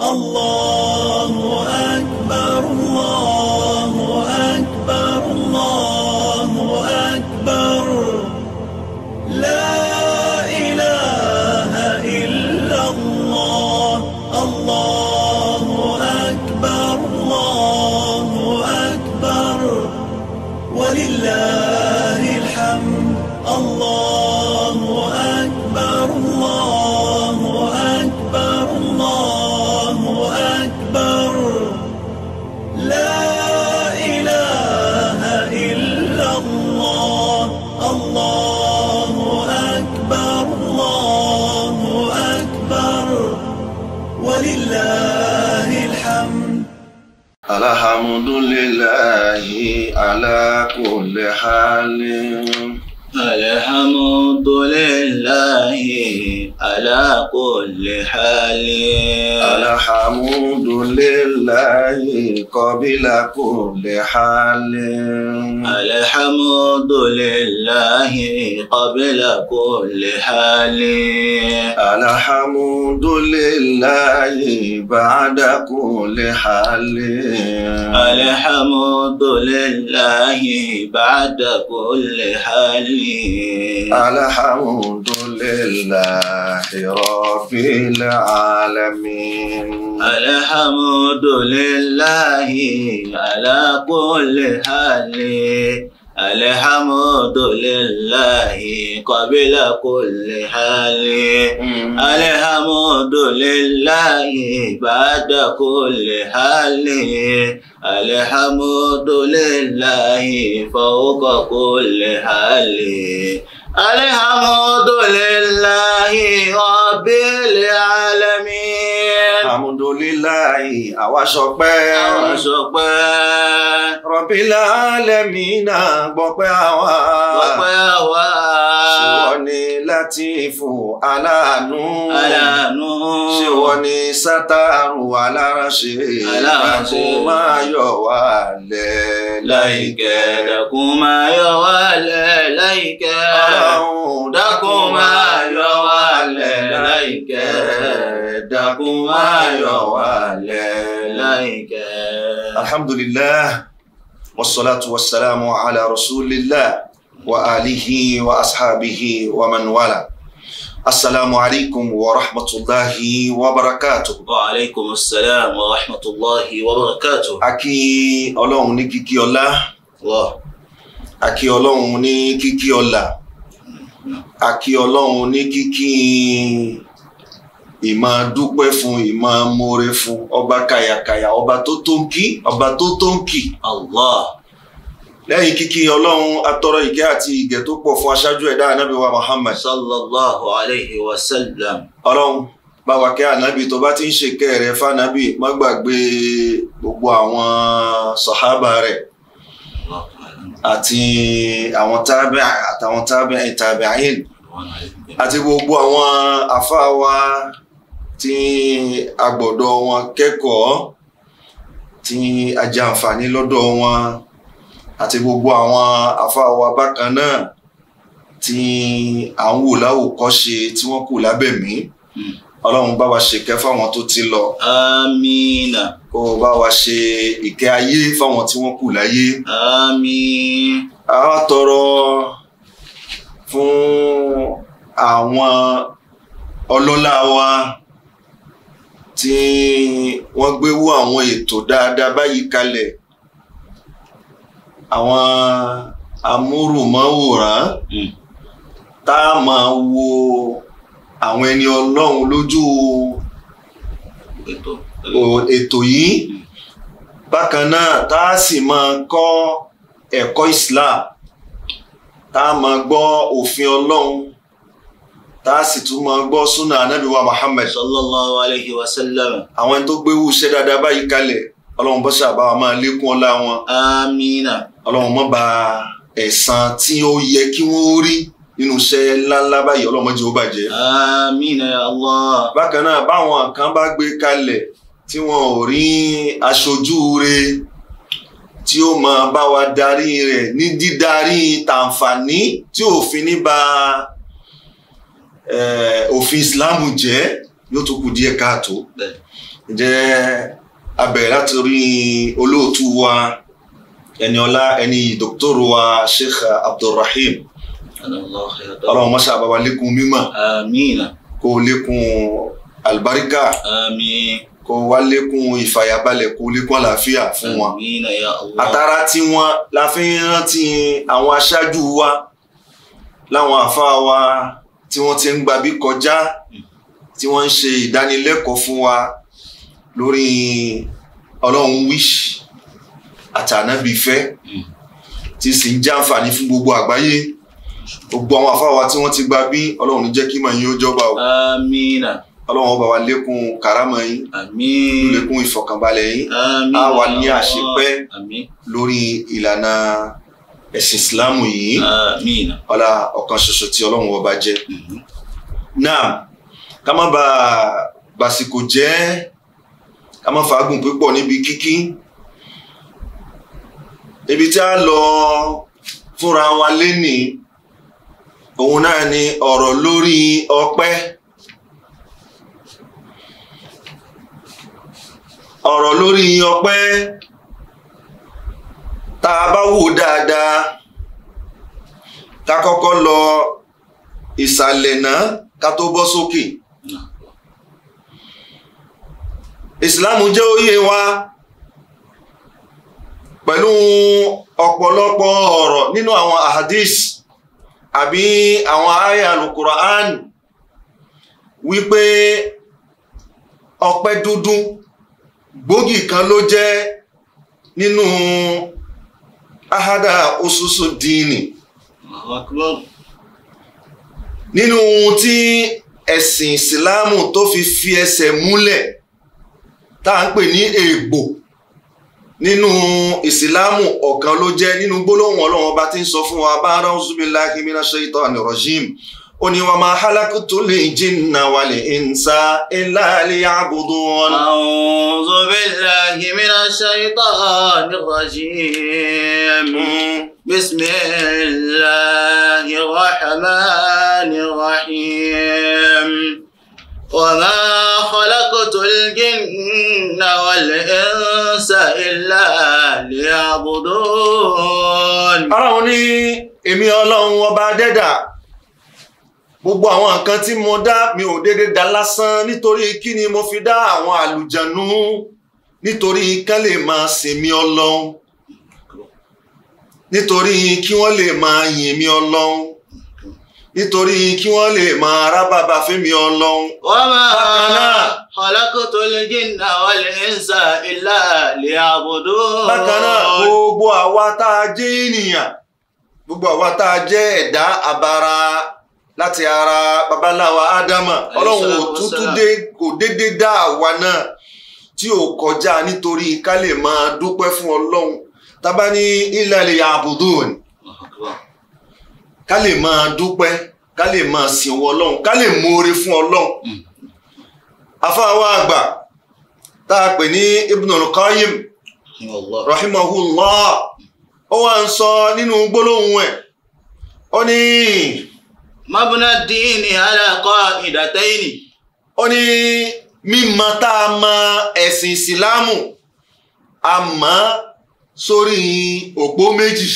الله أكبر Yeah. كل حال الحمد لله قبل كل حال الحمد لله قبل كل حال الحمد لله بعد كل حال الحمد لله بعد كل حال الحمد لله رب رب العالمين الحمد لله على كل حال الحمد لله قبل كل حال الحمد لله بعد كل حال الحمد لله فوق كل حال الحمد لله rabbil alamin. alhamdulilayi àwa ṣọpẹ́. àwa ṣọpẹ́. rabbil alamin náà gbọ́pẹ́ àwa. gbọ́pẹ́ àwa. ṣèwọ ni látìfù aláàánú. aláàánú. ṣèwọ ni sátàrù aláràṣe. aláràṣe. kó máa yọ wá lẹ̀ láìkẹ́. kó máa yọ wá lẹ̀ láìkẹ́. ọlọ́run dákun máa yọ wálẹ̀ láìkẹ́ dákun má yọ wálẹ̀ láìkẹ́. alhamdulillah wasalaatu wasalaamu ala rasulillah wa alihi wa ashabihi wa man wala. Assalamu alaikum wa rahmatullahi wa barakatuh. Wa alaikum assalam wa rahmatullahi wa barakatuh. A Ọlọ́run ní kíkí ọlá. Akí Ọlọ́run ní kíkí ọlá. àkí ọlọ́run ní kíkí ìmọ̀ dúpẹ́ fún ìmọ̀ mórè fún ọba kàyàkàyà ọba tó tó ń kí ọba tó tó ń kí Allah lẹ́yìn kíkí ọlọ́run atọ́rọ ìkẹ́ àti ìgẹ̀ tó pọ̀ fún aṣáájú ẹ̀dá anábì wa Muhammad sallallahu alayhi wa sallam ọlọ́run báwa kẹ́ ànábì tó bá ti ń ṣe kẹ́ rẹ̀ fánábì má gbàgbé gbogbo àwọn sàhábà rẹ̀ àti àwọn tábẹ àtàwọn tábẹ ìtàbẹ ayél àti gbogbo àwọn àfáà wa tí agbọ̀dọ̀ wọn kẹ́kọ̀ọ́ tí ajàǹfààní lọ́dọ̀ wọn àti gbogbo àwọn àfáà wa bákan náà tí à ń wò láwòkọ́ṣe tí wọ́n kù lábẹ̀mí hmm. ọlọ́run bá wa ṣèkẹ́ fáwọn tó ti lọ. amina. Uh, kó o bá wa ṣe ìkẹ́ ayé fáwọn tí wọ́n kù láyé. àmín. a wá tọrọ fún àwọn ọlọ́lá wa tí wọ́n gbé wú àwọn ètò dáadáa báyìí kalẹ̀ àwọn amúrùmọ́wòrán hmm. tá a máa wo àwọn ẹni ọlọ́run lójú ètò yìí bákan náà tá a sì máa kọ́ ẹ̀kọ́ Islam tá a máa gbọ́ òfin Ọlọ́run tá a sì tún máa gbọ́ súnà anábì wa sallallahu alayhi wa sallam àwọn ẹni tó gbéwú iṣẹ́ dáadáa báyìí kalẹ̀ Ọlọ́run bọ́sẹ̀ àbáwá máa lékún ọlá wọn. amina. Ọlọ́run mọ́ bá tí ó yẹ kí wọ́n rí nínú iṣẹ́ ńláńlá báyìí Ọlọ́run mọ́ jẹ́ ó bàjẹ́. amina ya Allah. bákan náà báwọn kan bá gbé kalẹ̀ tí wọn ò rí aṣojú rẹ tí ó máa bá wa darí rẹ ní dídarí tàǹfààní tí òfin ní ba òfin ìsìláàmù jẹ́ yóò tó kù díẹ̀ káàtó jẹ́ abẹ̀rẹ̀ láti rí olóòtú wa ẹni ọlá ẹni dòkítọ́rù wa Sheikh Abdulrahim ọlọ́run mọ́ṣá bàbá lékún mímọ́ kó lékún àlùbáríkà. Àmín kó wá lékún ìfàyàbalẹ̀ kó lékún àlàáfíà fún wọn àtàrà tiwọn la fi ń rántí àwọn aṣáájú wa láwọn àfáà wa tí wọ́n ti ń gbabí kọjá tí wọ́n ń ṣe ìdánilẹ́kọ̀ọ́ fún wa lórí ọlọ́run wíṣì àtànábìfẹ́ tí sì ń jàǹfààní fún gbogbo àgbáyé gbogbo àwọn àfáà wa tí wọ́n ti gbabí ọlọ́run jẹ́ kí màá yín ó jọba o. amiina. Uh, ọlọ́run bá wa lékún karama yín àmín lékún ìfọ̀kànbalẹ̀ yín àmín á wà ní àṣepẹ́ àmín lórí ìlànà ẹ̀sìn ìsìláàmù yìí àmín ọlá ọ̀kan ṣoṣo tí ọlọ́run ọba jẹ́ mm-hmm. náà ká má ba bàsìkò jẹ́ ká má fàágùn púpọ̀ níbi kíkí ibi tí a lọ fúnra wa lénìí òun náà ni ọ̀rọ̀ lórí ọpẹ́. ọ̀rọ̀ lórí ọpẹ́ tá a bá wò dáadáa ká kọ́kọ́ lọ ìsàlẹ̀ náà ká tó bọ́ sókè. ìsìláàmù jẹ́ òye wa pẹ̀lú ọ̀pọ̀lọpọ̀ ọ̀rọ̀ nínú àwọn ahadis àbí àwọn àyà alukura'an wípé ọpẹ́ dúdú. gbòógì kan ló jẹ́ nínú ahada osusu díìnì nínú ohun tí ẹ̀sìn ìsìláàmù tó fi fi ẹsẹ̀ múlẹ̀ tá à ń pè ní ègbò nínú ọ̀kan ló jẹ́ nínú gbólóhùn ọlọ́run ọba tí ń sọ fún wa bá ń rán láàkí mìíràn ṣe ìtọ́ ó ní wa ma halakutu lil jinna wal insa illa liya'budun. A'udhu billahi minash shaitanir rajim. Hmm. Bismillahir rahmanir rahim. Wa ma halakutul jinna wal insa illa liya'budun. Ara wọn ní èmi ọlọ́run ọba dẹ́dà gbogbo àwọn nǹkan tí mo dá mi ò déédéé dá lásán nítorí kí ni mo fi dá àwọn àlùjànnú nítorí kán lè máa sìn mí ọlọ́run nítorí kí wọ́n lè máa yìn mí ọlọ́run nítorí kí wọ́n lè máa rábàbà fẹ́mi ọlọ́run. wọ́n máa khalaqtu al-jinna wal-insa illa liya'budun. bákan náà gbogbo àwa tá a jẹ́ ènìyàn gbogbo àwa tá a jẹ́ ẹ̀dá àbára láti ara babaláwa ádámà ọlọ́run ò tútú dé kò dédé dá àwa náà tí ò kọjá nítorí ká lè máa dúpẹ́ fún ọlọ́run tábà ní illa liya'budun ká lè máa dúpẹ́ ká lè máa sìn wọ ọlọ́run ká lè mọ̀ọ́re fún ọlọ́run afáwa hmm. àgbà tá a pè ní Ibnul Qayyim rahimahullah ó wà ń sọ nínú gbólóhùn ẹ̀ ó ní. mabuna dini alakọ ìdàtẹ́yìnì. ó ní mímọ tá a mọ ẹ̀sìn ìsìlámù àmọ́ sórí òpó méjì.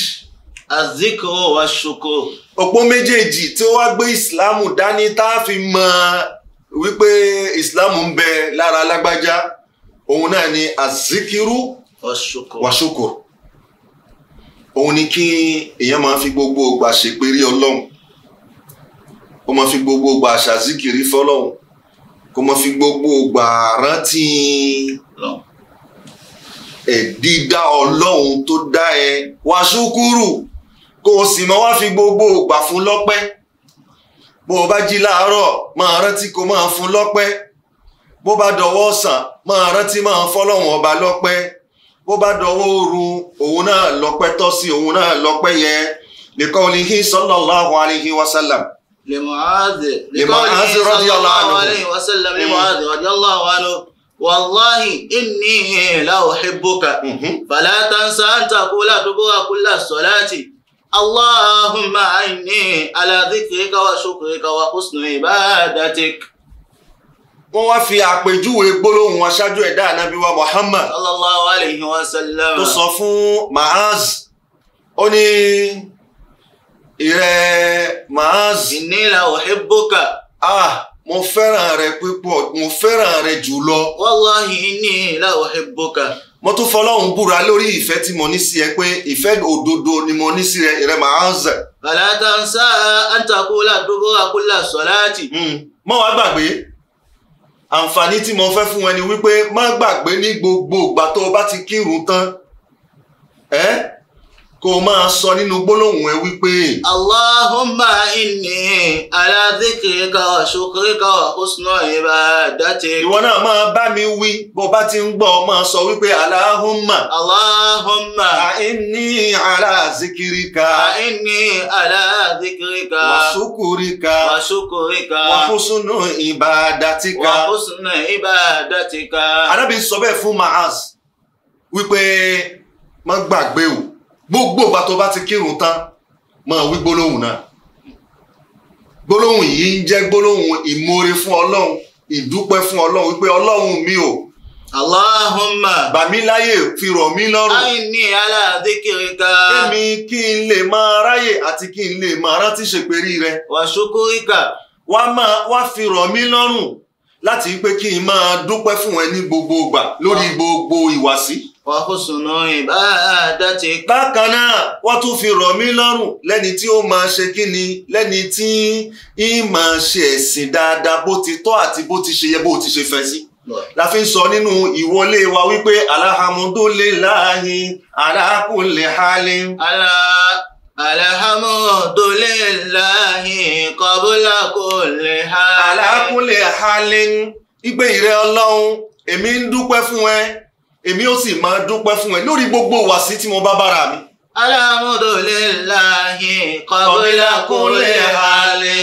azikro wa ṣoko. òpó méjèèjì tí ó wá gbé ìsìlámù dání tá a fi mọ wípé ìsìlámù ń bẹ lára lágbájá òun náà ni azikiru wa ṣoko òun ni kí èèyàn máa fi gbogbo ìgbà ṣèpèrí ọlọ́run kó máa fi gbogbo gbà ṣàzíkiri fọlọ́hún kó máa fi gbogbo gbà rántí ẹ̀dídá ọlọ́hun tó dá ẹ wá ṣúkúrù kó o sì máa wá fi gbogbo gbà fún lọ́pẹ́ bó o bá jí láàárọ̀ máa rántí kó máa fún lọ́pẹ́ bó bá dọwọ́ ọ̀sán máa rántí máa fọlọ́hún ọba lọ́pẹ́ bó bá dọwọ́ ooru òun náà lọ́pẹ́ tọ́ sí òun náà lọ́pẹ́ yẹ lẹ́kọ̀ọ́ ni hí sallallahu alaihi wasallam. لمعاذ لمعاذ رضي الله عليه وسلم لمعاذ رضي الله عنه والله إني لا أحبك فلا تنسى أن تقول دبر كل الصلاة اللهم إني على ذكرك وشكرك وحسن عبادتك wọ́n wá fi àpèjúwe gbólóhùn aṣáájú ẹ̀dá ànábì wa Muhammad sallallahu alayhi wa sallam tó sọ fún Maaz ó ní. ìrẹ màá zì nílà òhébókà. A, mo fẹ́ràn rẹ púpọ̀ mo fẹ́ràn rẹ jùlọ. wàláhì nílà òhébókà. mo tún fọlọ́hún búra lórí ìfẹ́ tí mo ní sí ẹ pé ìfẹ́ òdodo ni mo ní sí rẹ ìrẹ màá zẹ. bàlátà ń sá àǹtakùlà dúró àkùlà sọ̀láàtì. mọ wàá gbàgbé àǹfààní tí mo fẹ́ fún ẹ ni wípé má gbàgbé ní gbogbo ìgbà tó o bá ti kírun tán. Eh? kó o máa sọ nínú gbólóhùn ẹ wípé. Allahumma ìní ala dhikrika wa shukrika wa husni Ìwọ náà máa bá mi wí bó ti ń gbọ́ máa sọ wípé Allahumma. Allahumma. Inni ala Arábìnrin sọ wípé má gbàgbé gbogbo ìgbà tó bá ti kírun tán máa wí gbólóhùn náà gbólóhùn yìí ń jẹ́ gbólóhùn ìmoore fún ọlọ́run ìdúpẹ́ fún ọlọ́run wípé ọlọ́run mi ò. Allahumma. Bà mí láyè fi rọ̀ mí lọ́rùn. Àìní aládékèrèkà. Kémi kí n lè máa ráyè àti kí n lè máa rántí ṣèpèrí rẹ. Wà ṣókóríkà. Wá máa wá fi rọ̀ mí lọ́rùn láti wípé kí n máa dúpẹ́ fún ẹ ní gbogbo ìgbà lórí gbogbo ìwàsí wà kó sùnà bákan náà wọ́n tún fi rọ̀ mí lọ́rùn lẹ́ni tí ó máa ṣe kí ni lẹ́ni tí ń máa ṣe ẹ̀sìn dáadáa bó ti tọ́ àti bó ti ṣe yẹ bó ti ṣe fẹ́ sí. la fi ń sọ nínú ìwọlé wa wípé alhamdulillahi ala kulli halim. ala alhamdulillahi qabla kulli halim. ala kulli halim. ìgbé ìrẹ́ ọlọ́run èmi ń dúpẹ́ fún ẹ èmi ó sì máa dúpẹ́ fún ẹ lórí gbogbo wàsí tí mo bá bára mi. alhamdulillahi qabla kulli hali.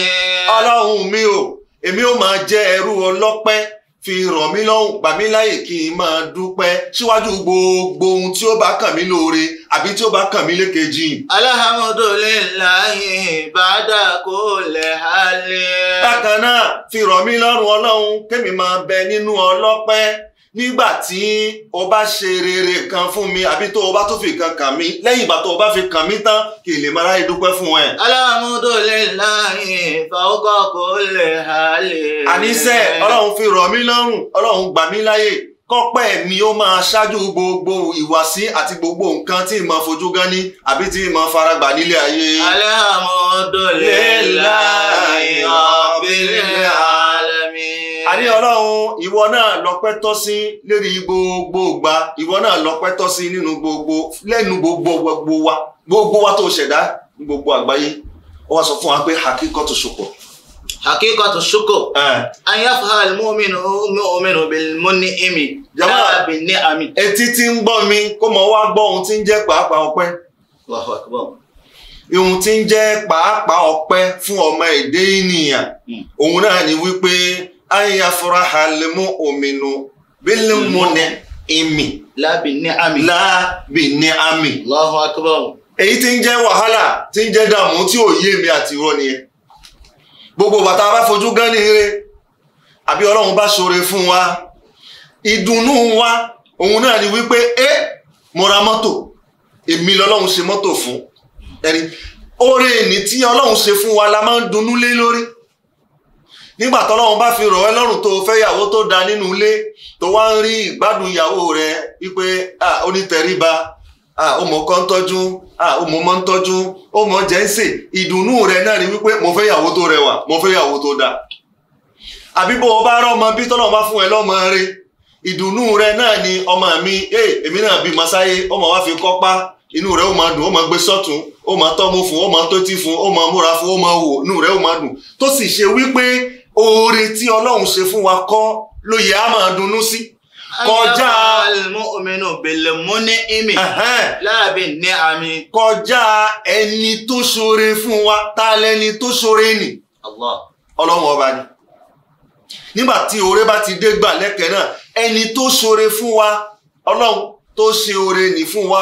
ọlọ́run mi o èmi ó máa jẹ́ ẹrú ọlọ́pẹ́ fi ràn mí lọ́rùn gbà mí láyè kí n máa dúpẹ́ síwájú gbogbo ohun tí ó bá kàn mí lóore àbí tí ó bá kàn mí lékejì. alhamdulillahi bàdà kò lè bákan náà fi ràn mí lọ́rùn ọlọ́run kémi máa bẹ nínú ọlọ́pẹ́ nígbà tí o bá ṣe rere kan fún mi àbí tó o tó fi kan kàn mí lẹ́yìn ìgbà tó fi kàn mí tán kì í lè máa ráyè fún ẹ. alhamdulillahi fawqa kulli hal. àníṣe ọlọ́run fi rọ̀ mí lọ́rùn ọlọ́run gbà mí láyè kọ́pẹ́ mi ó máa ṣáájú gbogbo ìwàsí àti gbogbo nǹkan tí ìmọ̀ fojú gan ni àbí tí ìmọ̀ faragbà nílé ayé. alhamdulillahi rabbil àní ọlọ́run ìwọ náà lọ́pẹ́ tọ́ sí lérí gbogbo ìgbà ìwọ náà lọ́pẹ́ tọ́ sí nínú gbogbo lẹ́nu gbogbo gbogbo wa gbogbo wa tó ṣẹ̀dá gbogbo àgbáyé ó wá sọ fún wa pé hakikatu shukr. hakikatu shukr. an yafha al-mu'minu mu'minu bil-mun'imi la bin-ni'ami. etí tí ń gbọ́ mi kó mọ̀ wá gbọ́ ohun tí ń jẹ́ pàápàá ọpẹ́. ohun tí ń jẹ́ pàápàá ọpẹ́ fún ọmọ èdè ènìyàn hmm. òun náà ni wípé ayafura halimu ominu bílí mu ní ìmì. láàbì ní àmì. láàbì ní àmì. Allahu akbar. èyí tí ń jẹ́ wàhálà tí ń jẹ́ dààmú tí ò yé mi àti irọ́ nìyẹn gbogbo bàtà bá fojú gán ní ire àbí ọlọ́run bá ṣoore fún wa ìdùnnú wa òun náà ni wípé ẹ mo ra mọ́tò èmi lọ́lọ́run ṣe mọ́tò fún ẹni oore èní tí ọlọ́run ṣe fún wa la máa ń dunnú lé lórí nígbà tọ́lọ́run bá fi rọ̀ ẹ́ lọ́rùn tó fẹ́yàwó tó da nínú ilé tó wá ń rí ìgbádùn ìyàwó rẹ̀ wípé onítẹríba ọmọ kan tọ́jú ọmọ ń tọ́jú ọmọ jẹ́ ń sè ìdùnnú rẹ̀ náà ni wípé mo fẹ́yàwó tó rẹwà mo fẹ́yàwó tó da àbí bó o bá rọ ọmọ bí tọ́lọ́run bá fún ẹ lọ́mọ rẹ̀ ìdùnnú rẹ̀ náà ni ọmọ mi èmi náà bí masáyé ọmọ wa fi kọ́pá inú rẹ̀ ó máa dùn ó máa gbé sọ́tún ó máa tọ́mú fún ó máa tó tí fún ó máa múra fún ó máa wò inú rẹ̀ ó máa dùn tó sì ṣe wípé oore tí ọlọ́run ṣe fún wa kọ́ ló yẹ á máa dunnú sí kọjá almọ́ọ̀mẹ́nà bẹ̀lẹ̀ mọ́ ní ìmì láàbẹ̀ ní àmì. kọjá ẹni tó ṣoore fún wa ta lẹni tó ṣoore nì ọlọ́run ọba ni nígbà tí oore bá ti dé gbà lẹ́kẹ̀ẹ́ náà ẹni tó ṣoore fún wa ọlọ́run tó ṣe oore nì fún wa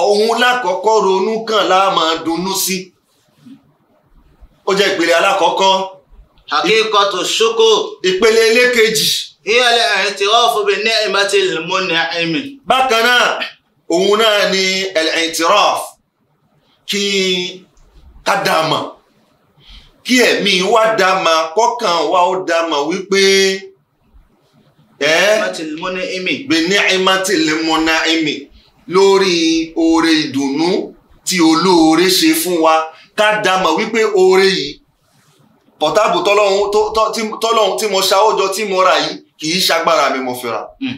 ọ̀hún lákọ̀ọ́kọ́ ronú kàn la máa dunnú sí ó jẹ́ ìpele alákọ̀ọ́kọ́ hakíkọ́ tó ṣókò. ìpele elékejì. ìyàlẹ̀ al-i'tiraf bi ni'matil mun'im. bákan náà òun náà ni al-i'tiraf kí ká dá a mọ̀ kí ẹ̀mí wá dá a mọ̀ kọ́kàn wá ó dá a mọ̀ wípé bi ni'matil mun'im lórí oore ìdùnnú tí olóore ṣe fún wa ká dá a mọ̀ wípé oore yìí pọ̀táàbù tọ́lọ́hún tí mo ṣàwọ́jọ tí mo ra yìí kì í ṣagbára mi mo fi ra hmm.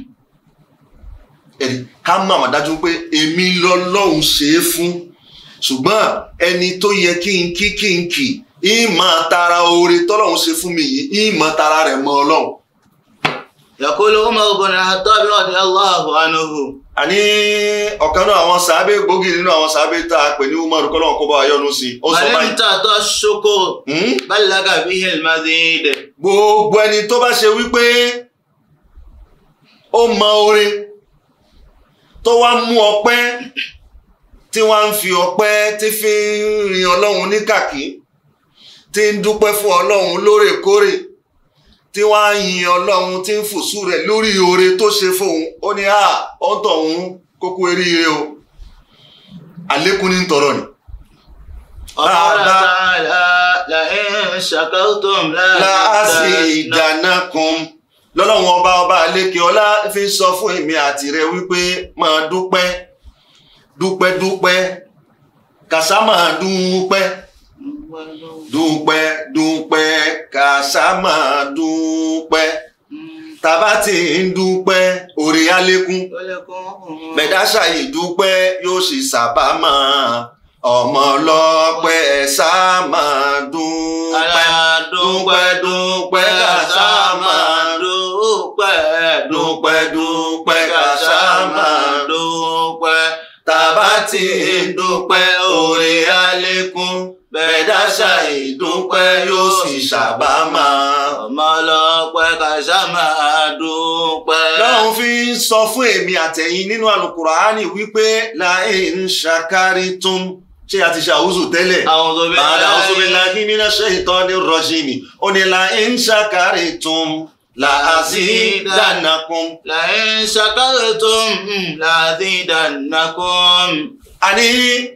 ẹni ká mọ̀ àmọ̀ dájú pé èmi lọ́lọ́hún ṣe é fún ṣùgbọ́n ẹni tó yẹ kí n kí kí n kì í máa tara oore tọ́lọ́hún ṣe fún mi yìí í máa tara rẹ̀ mọ́ ọlọ́hún. yaqulu Umar ibn al-Khattab radiyallahu anhu àní ọ̀kan náà àwọn sàábé gbòógì nínú àwọn sàábé tá a pè ní umaru kọ́lọ́n kó bá wa yọnu sí i. ó sọ báyìí. bàlẹ́ níta tó ṣoko. balaga bihel mazid. gbogbo ẹni tó bá ṣe wípé ó mọ orin tó wá mú ọpẹ́ tí wọ́n ń fi ọpẹ́ tí fi ń rin ọlọ́run ní kàkí tí ń dúpẹ́ fún ọlọ́run lóòrèkóòrè tí wọ́n á yin ọlọ́run tí ń fùsù rẹ̀ lórí oore tó ṣe fóun ó ní à ó ń tọ̀ ń kókó eríire o àlékún ní tọrọ ni. láàásì ìdáná kun lọ́lọ́run ọba ọba àlékè ọlá fi sọ fún èmi àti rẹ wípé máa dúpẹ́ dúpẹ́ dúpẹ́ kàṣá máa dúpẹ́ dúpẹ́ dúpẹ́ kàṣà máa dúpẹ́ tàbá ti ń dúpẹ́ orí alékún bẹ̀dáṣà yìí dúpẹ́ yóò sì sábà máa ọmọ ọlọ́pẹ́ ṣá dúpẹ́ dúpẹ́ dúpẹ́ kàṣà máa dúpẹ́ dúpẹ́ dúpẹ́. ìṣàbámà. ọmọ ọlọ́pẹ́ kàṣà máa dúpẹ́. lọ́run fi ń sọ fún èmi àtẹ̀yìn nínú àlùkùránì wípé láì ń ṣàkárí tún ṣé a ti ṣe àwùzù tẹ́lẹ̀. bàdà àwùzù mi láì ní iná ṣe ìtọ́ ní rọ́ṣì mi ó ní láì ń ṣàkárí tún. Làásìdánakùn. Làí ṣàkárí tún làásìdánakùn àní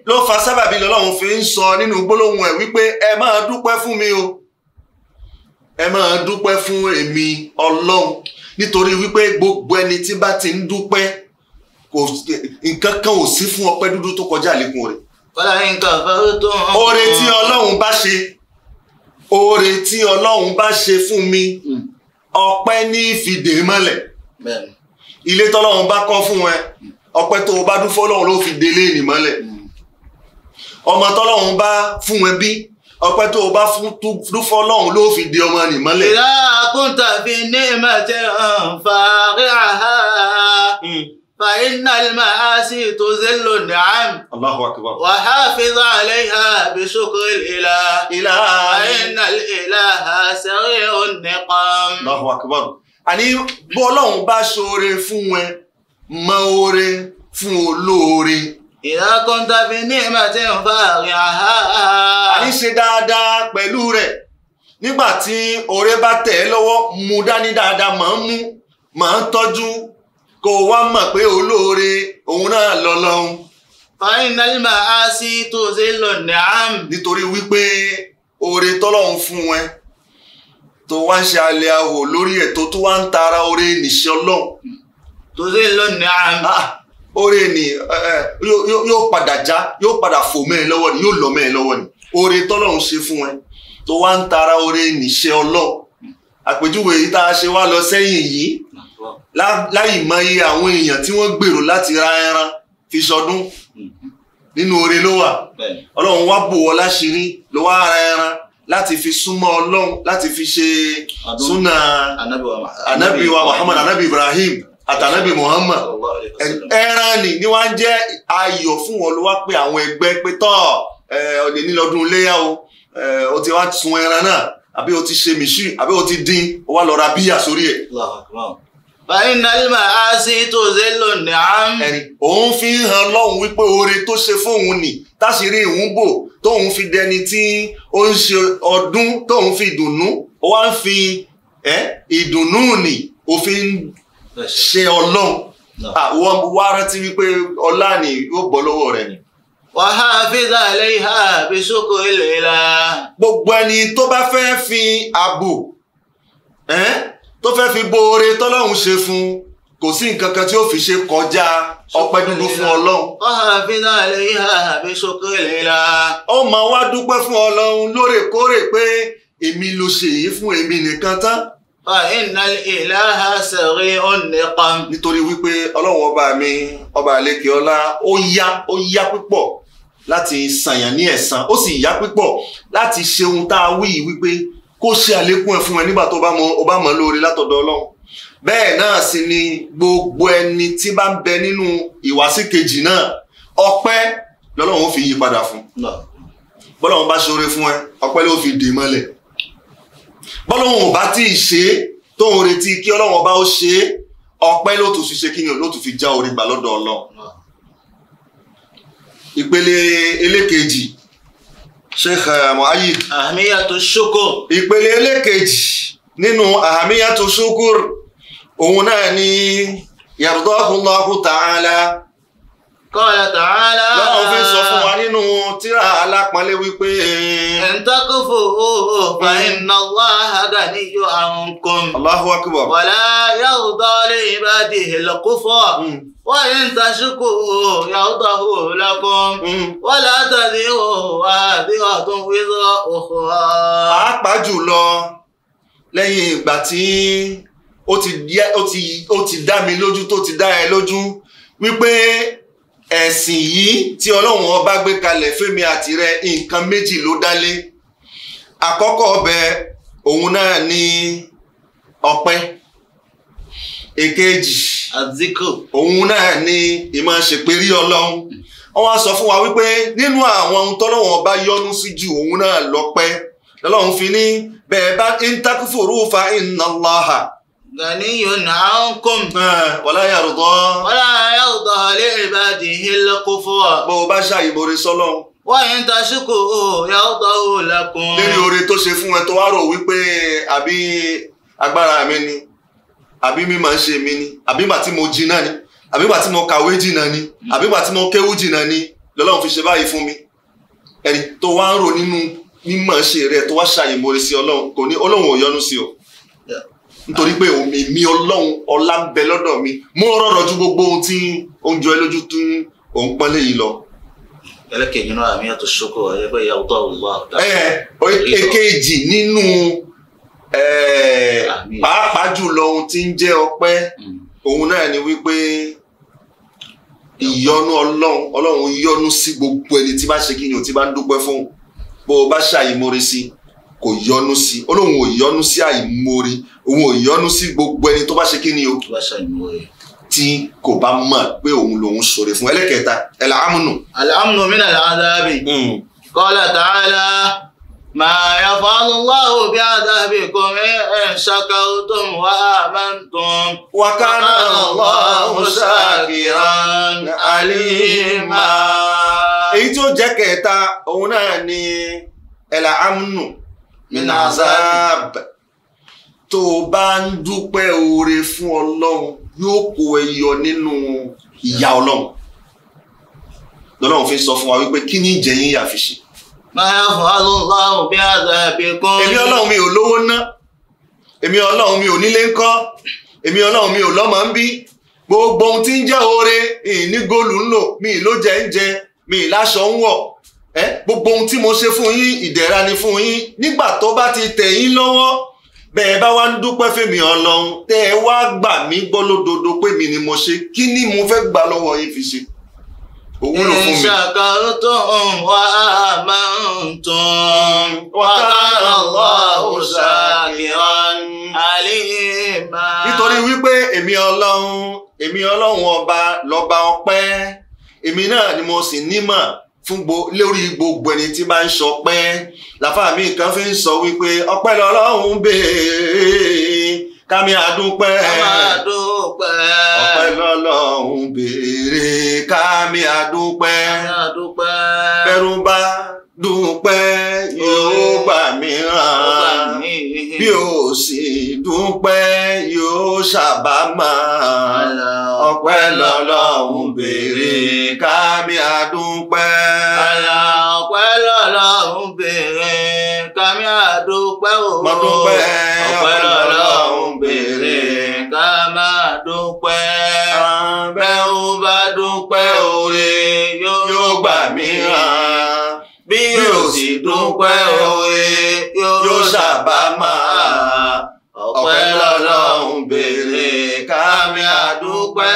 ló fa sábàbí lọ́lọ́run fi ń sọ nínú gbólóhùn ẹ̀ wípé ẹ máa dúpẹ́ fún mi o ẹ máa dúpẹ́ fún èmi ọlọ́run nítorí wípé gbogbo ẹni tí bá ti ń dúpẹ́ nǹkan kan ò sí fún ọpẹ́ dúdú tó kọjá àlékún rẹ̀. kọ́lá nǹkan fẹ́rẹ́ tó hàn. oore tí ọlọ́run bá ṣe oore tí ọlọ́run bá ṣe fún mi hmm. ọpẹ́ ní ìfìdè mọ́lẹ̀ ilé tọ́lọ́run bá kọ́ fún ẹ ọpẹ́ tó o bá dún fọ́lọ́run ló fi délé ìnìmọ́lẹ̀ hmm. ọmọ tọ́lọ́run bá fún ẹ bí ọpẹ́ tó o bá fún fọlọ́run ló fi di ọmọ nì mọ́lẹ̀. ìlà kúntà fi ní ìmọ̀tẹ́ ọ̀nfààrí àhá فإن المعاصي تذل النعم الله أكبر وحافظ عليها بشكر الإله إله فإن الإله سريع النقام الله أكبر àní bọ́lọ́hún bá ṣoore fún ẹ mọ oore fún olóore ìdá kọ́ńtà fi ní ìmọ̀ tí ń fa àrìn àhá. àní ṣe dáadáa pẹ̀lú rẹ̀ nígbà tí oore bá tẹ̀ ẹ́ lọ́wọ́ mú dání dáadáa máa ń mú máa ń tọ́jú kó o wá mọ̀ pé olóore òun náà lọ lọ́hùn. fàínàlímà á sí tó ṣe lọ nàám. nítorí wípé oore tọ́lọ́hún fún ẹ tó wá ń ṣe alẹ́ ahò lórí ẹ̀ tó tó wá ń tara oore nìṣẹ́ ọlọ́run. tó ṣe lọ nàám oore ni yóò padà já yóò padà fò mẹ́ẹ̀ lọ́wọ́ ni yóò lọ mẹ́ẹ̀ lọ́wọ́ ni oore tọ́lọ́run ṣe fún ẹ tó wá ń tara oore níṣẹ́ ọlọ́run àpèjúwe yìí tá a ṣe wá lọ sẹ́yìn yìí láì mọye àwọn èèyàn tí wọ́n gbèrò láti ra ẹran fi sọdún nínú oore ló wà ọlọ́run wá bò wọ́n láṣìírí ló wá ra ẹran láti fi súnmọ́ ọlọ́run láti fi ṣe súnà anabiwa muhammad anabi ibrahim àtànábì Muhammad ẹran ni ni wọ́n jẹ́ ayọ̀ fún wọn ló wá pé àwọn ẹgbẹ́ pé tọ́ ọ̀dẹ̀ nílọ́dún iléyà o o ti wá sun ẹran náà àbí o ti ṣe mìṣí àbí o ti dín o wá lọ ra bíyà sórí ẹ̀. Báyínàlímà á sí tó ṣe lò ní àmì. Òun fi ń han lọ́hùn wípé oore tó ṣe fóun nì táṣìírí ìhún bò tóun fi dẹni tí ó ń ṣe ọdún tóun fi dùnnú ó wá ń fi ìdùnnú nì òfin ṣe ọlọ́run àwọn ah, wá rántí wípé ọlá ni yóò bọ́ lọ́wọ́ rẹ̀ ni. wàhálà aláìhá bisoko ìlera. gbogbo ẹni tó bá fẹ́ fi ààbò tó fẹ́ fi bo oore ṣe fún kò sí nǹkan kan tí ó fi ṣe kọjá ọpẹ́ dúdú fún Ọlọ́run. ọ̀hàfínà lè yíha àbí sókè léra. ó máa wá dúpẹ́ fún Ọlọ́run lóòrèkóòrè pé èmi ló ṣèyí fún èmi nìkan tán innal ilaha sari'un niqam. nítorí wípé ọlọ́run ọba mi ọba àlekè ọlá ó yá ó yá púpọ̀ láti sànyàn ní ẹ̀san ó sì yá púpọ̀ láti ṣe ohun tá a wí wípé kó ṣe àlékún ẹ̀ fún ẹ nígbà tó bá mọ lóore látọ̀dọ̀ ọlọ́run bẹ́ẹ̀ náà sì ni gbogbo ẹni tí bá ń bẹ nínú ìwàsí kejì náà ọpẹ́ lọ́lọ́run ó fi yí padà fún bọ́lọ́run bá ṣoore fún ẹ ọpẹ́ ló fi dè mọ́lẹ̀ bọ́lọ́hún ò bá tí ì ṣe é tóun retí kí ọlọ́run ọba ó ṣe é ọpẹ́ ló tún fi ṣe kí ni ló tún fi já orí gbà lọ́dọ̀ ọlọ́run. ìpele elékejì sheikh eh, muhammad. ahmiyatu shukur. ìpele elékejì nínú ahmiyatu shukur òun náà ni yardahu Allahu ta'ala. Qala ta'ala. Lọ́wọ́ fi sọ fún wa nínú tíra alápọ̀nlé wípé. In takfuru fa inna Allaha ganiyyun ankum. Allahu akbar. Wala yarda li ibadihil kufra. وإن تشكوا يرضه لكم ولا تزر وازرة وزر أخرى. pàápàá jùlọ lẹ́yìn ìgbà tí ó ti dá mi lójú tó ti dá ẹ lójú wípé ẹ̀sìn yìí tí ọlọ́run ọba gbé kalẹ̀ fẹ́mi àtìrẹ nǹkan méjì ló dálé àkọ́kọ́ ọbẹ̀ òun náà ní ọpẹ́ èkejì àdíkù òun náà ní ìmọ̀ọ́sẹ̀pẹ̀rí ọlọ́run wọ́n á sọ fún wa wípé nínú àwọn ohun tọ́lọ́run ọba yọ́nú sí ju òun náà lọ́pẹ́ lọ́lọ́run fi ní bẹ́ẹ̀ bá ń takúfòrúfa inna Allaha غني عنكم ولا يرضى ولا يرضى لعباده الكفر bó o bá ṣàìmoore sọ́lọ́run. wọ́n ń taṣíkò yàtọ̀ òlàkùn. lórí oore tó ṣe fún ẹ tó wá rò wípé àbí agbára mi ni àbí mi máa ń ṣe mi ni àbí ìgbà tí mo jìnnà ni àbí ìgbà tí mo kàwé jìnnà ni àbí ìgbà tí mo kéwú jìnnà ni lọ́lọ́run fi ṣe báyìí fún mi ẹni tó wá ń rò nínú mímọ̀ ṣe rẹ̀ tó wá ṣàìmoore sí ọlọ́run kò ní ọlọ́run ò yọ́nú sí o nítorí pé omi mi ọlọ́run ọlá ń bẹ lọ́dọ̀ mi mo rọrọ̀ ju gbogbo ohun tí oúnjẹ lójú tí òun pọ́n léyìí lọ. ẹlẹ́kẹ̀ẹ́ nínú àmì àti ṣoko ẹgbẹ́ ìyàwó tó àwọn ọlọ́wà. ẹ èkejì nínú pàápàá jùlọ ohun tí ń jẹ́ ọpẹ́ mm. òun náà ni wípé ìyọ́nú ọlọ́run ọlọ́run yọ́nú sí gbogbo ẹni tí bá ṣe kí ni ò ti bá ń dúpẹ́ fún bó o bá ṣàyìmọ́re sí i kò yọnu sí olóhùn ò yọnu sí àìmoore òun ò yọnu sí gbogbo ẹni tó bá ṣe kíni o tí kò bá mọ̀ pé òun lòun ṣoore fún ẹlẹ́kẹta ẹ̀làámùnù. àlàámùnù mi nà láàdábì. qala ta'ala ma yaf'alu Allahu bi'adhabikum in shakartum wa amantum. wa kana Allahu shakiran alima. èyí tó jẹ́ kẹta òun náà ni ẹ̀làámùnù min azab tó o bá ń dúpẹ́ oore fún ọlọ́run yóò kó ẹ yọ nínú ìyà ọlọ́run lọ́lọ́run fi sọ fún wa wípé kí ni ìjẹyìn yà fi ṣe. máa fọ alóhùn bí àzàbí èmi ọlọ́run mi ò lówó ná èmi ọlọ́run mi ò nílé ń kọ́ èmi ọlọ́run mi ò lọ́mọ ń bí gbogbo ohun tí ń jẹ́ oore ìní góòlù ń lò mi ló jẹ ń jẹ mi láṣọ ń wọ̀ gbogbo ohun tí mo ṣe fún yín ìdẹ̀ra ni fún yín nígbà tó bá ti tẹ̀ yín lọ́wọ́ bẹ́ẹ̀ bá wá ń dúpẹ́ fèmí ọlọ́run tẹ́ ẹ wá gbà mí gbọ́ lódodo pé mi ni mo ṣe kí ni mo fẹ́ gbà lọ́wọ́ yín fi ṣe òun ló fún mi. ìṣàkàrọ̀ tó ń wá máa ń tán wá lọ́wọ́ òṣàkìrán àlèémà. nítorí wípé èmi ọlọ́run èmi ọlọ́run ọba lọ́ba ọpẹ́ èmi náà ni mo sì nímọ̀ fún gbo lórí gbogbo ẹni tí bá ń ṣọpẹ́ làfàmì kan fi ń sọ wípé ọpẹ́ lọ́lọ́run béèrè kámi àdúpẹ́ ọpẹ́ lọ́lọ́run béèrè kámi àdúpẹ́ bẹ̀rù bá dúpẹ́ yóò gbà mìíràn bí o sì dúpẹ́ yóò ṣàbámọ̀ ọpẹ́ lọ́lọ́run béèrè kámi àdúpẹ́. dúpẹ́ oore yóò ṣàbámọ̀ ọpẹ́ lọ́lọ́run béèrè kámi àdúpẹ́.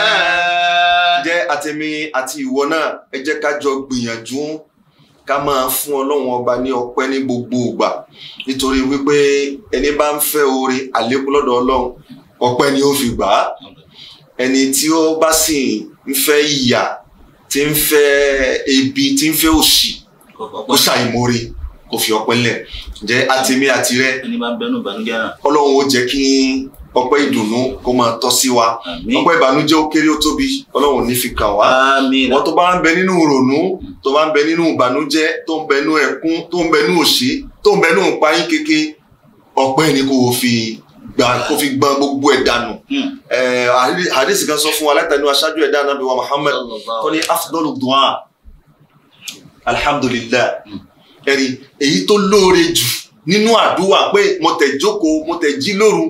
jẹ́ àtẹ̀mí àti ìwọ náà ẹ jẹ́ ká jọ gbìyànjú ká máa fún ọlọ́run ọba ní ọpẹ́ ní gbogbo ìgbà nítorí wípé ẹni bá ń fẹ́ oore àlékún lọ́dọ̀ ọlọ́run ọpẹ́ ni ó fi gbà á ẹni tí ó bá sì ń fẹ́ ìyà tí ń fẹ́ ebi tí ń fẹ́ òṣì ó ṣàìmoore kò fi ọpẹ́ lẹ̀ jẹ́ àtẹ̀mí àti rẹ ọlọ́run ó jẹ́ kí ọpẹ́ ìdùnnú kó máa tọ́ sí wa ọpẹ́ ìbànújẹ́ ó kéré ó tóbi ọlọ́run ní fi kàn wá wọn tó bá ń bẹ nínú ìrònú tó bá ń bẹ nínú ìbànújẹ́ tó ń bẹ nínú ẹkún tó ń bẹ nínú òṣì tó ń bẹ nínú ìpayín kéke ọpẹ́ ni kò fi gbà kó fi gbọn gbogbo hmm. ẹ dànù hadith kan sọ fún wa látàánú aṣáájú ẹ̀dá anabi wa muhammed tó ní afdalu du'a alhamdulillah. Hmm ẹ̀rí èyí tó lóore jù nínú àdúrà pé mo tẹ̀ jókòó mo tẹ̀ jí lóru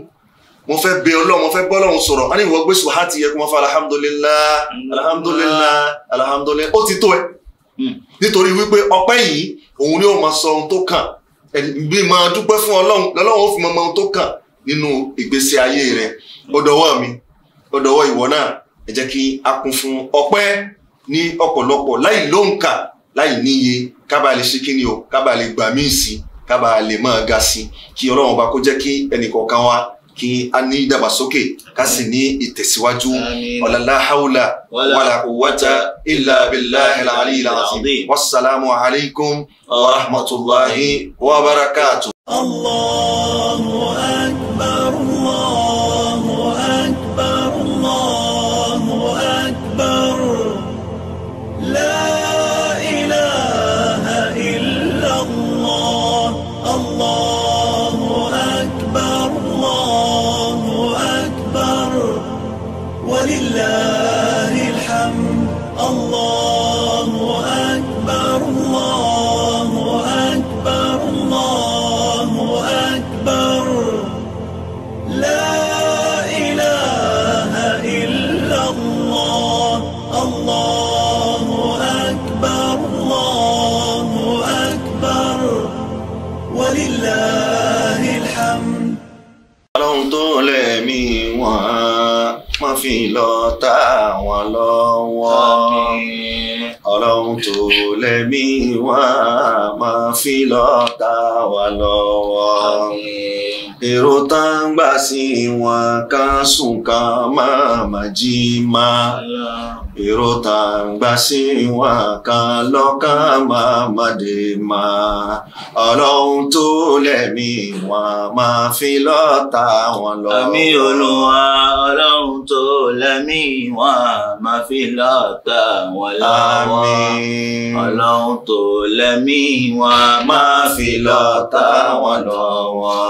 mo fẹ́ bẹ ọlọ́run mo fẹ́ bọ́ ọlọ́run sọ̀rọ̀ á ní ìwọ gbé sùn láti yẹ kó mo fa alhamdulillah alhamdulillah alhamdulillah ó ti tó ẹ hmm. nítorí wípé ọpẹ́ yìí òun ni ó máa sọ ohun tó kàn bí máa dúpẹ́ fún ọlọ́run lọ́lọ́run ó fi máa mọ ohun tó kàn nínú ìgbésí ayé rẹ ó mi ó dọwọ́ ìwọ náà ẹ jẹ́ kí a kún fún ọpẹ́ ní ọ̀pọ̀lọpọ̀ láì lóǹkà láì níye kábàá lè ṣe kí ni o kábàá lè gbà míì sí kábàá lè mọ̀ ga sí kí ọlọ́run bá kó jẹ́ kí ẹnìkọ̀ọ̀kan wa kí a ní ìdàgbàsókè ká sì ní ìtẹ̀síwájú ọ̀làlá haúlà wàlà quwwata illa billahil aliyyil azim wassalamu alaikum wa rahmatullahi wọn wọ́n fi lọ ta wọn lọ́wọ́ ọlọ́run tó lẹ́mí wọn máa fi lọ ta wọn lọ́wọ́ èrò tá ń gbà sí wọn kan sùn kan máa máa jí máa èrò tá à ń gbà sí wa kan lọ́kà máa má dé máa ọlọ́run tó lẹ́mí wọn máa fi lọ́ta wọn lọ. àmì olùwà ọlọ́run tó lẹ́mí wọn máa fi lọ́ta wọn lọ́wọ́ ọlọ́run tó lẹ́mí wọn máa fi lọ́ta wọn lọ́wọ́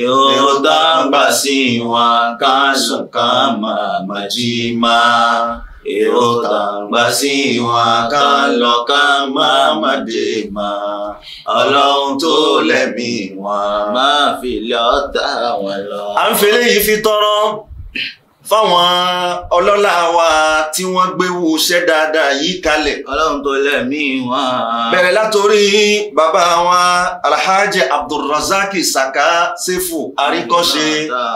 èrò tá ń gbà sí wa kan sùn kan máa má jí máa èrò tàǹgbà sí wọn ká lọ ká má má dé má ọlọ́run tó lẹ́mí wọn má fi lọ́tà wọn lọ. à ń fi eléyìí fi tọrọ fáwọn ọlọ́lá wa tí wọ́n gbéwò iṣẹ́ dáadáa yìí kalẹ̀. ọlọ́run tó lẹ́mí wa. bẹ̀rẹ̀ látòrí bàbá wa alhaji abdulrazaki saka sefu àríkọ́ṣe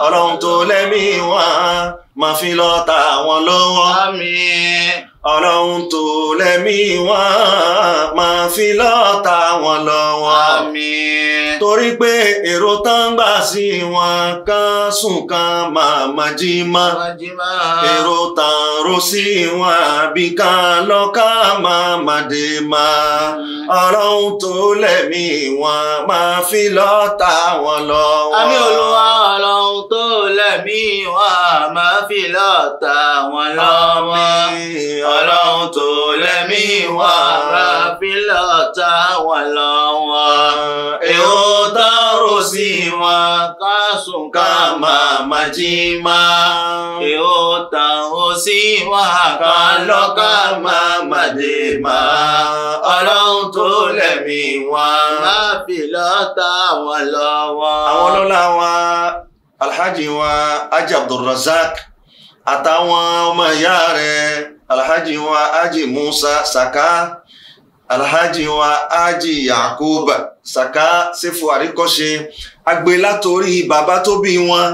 ọlọ́run tó lẹ́mí wa máa fi lọ́ọ́ ta àwọn lọ́wọ́. àmín ọlọ́run tó lẹ́mí wọn máa fi lọ́ta wọn lọ́wọ́. àmín. torí pé èrò tán gbà sí wọn kan sùn kan máa ma jí mọ́. èrò tán ro sí wọn bí kan lọ́ka máa ma dé mọ́. ọlọ́run tó lẹ́mí wọn máa fi lọ́ta wọn lọ́wọ́. àmín Olúwa ọlọ́run tó lẹ́mí wa máa fi lọ́ta wọn lọ́mọ. Ọlọ́run tó lẹ́mí wa máa fi lọ́ta wọn lọ́wọ́. Èwo tọrọ sí wọn ká sùn ká máa máa jí máa. Èwo tọrọ sí wọn ká lọ ká máa máa dé máa. Ọlọ́run tó lẹ́mí wa máa fi lọ́ta wọn lọ́wọ́. Àwọn ọlọ́lá wa alhaji wa Aji abdulrasaq àtàwọn ọmọ ìyá rẹ̀ alhaji wa Aji musa saka alhaji wa Aji yakub saka sefu àríkọ́ṣe agbélátòrí bàbá tó bí wọn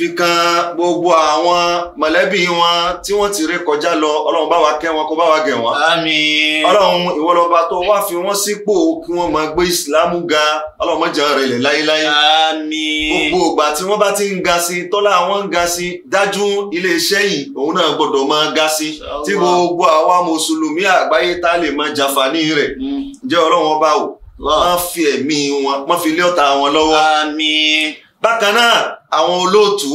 fi kan gbogbo àwọn mọ̀lẹ́bí wọn tí wọ́n ti ré kọjá lọ ọlọ́run bá wa kẹ́ wọn kó bá wa gẹ̀ wọ́n. àmín. ọlọ́run ìwọlọba tó wá fi wọ́n sípò kí wọ́n máa gbé ìsìlámù ga ọlọ́run mọ̀jẹ̀ rẹ̀ lẹ̀ láéláé. àmín. gbogbo ìgbà tí wọ́n bá ti ń ga sí tọ́lá wọn ń ga sí dájú iléeṣẹ́ yìí òun náà gbọ́dọ̀ máa ga sí tí gbogbo àwa mùsùlùmí àgbáyé tá a lè máa jàǹfààní rẹ̀ wọ́n mm. fi ẹ̀mí wọn wọ́n fi lé ọ̀tá wọn lọ́wọ́. àmín bákan náà àwọn olóòtú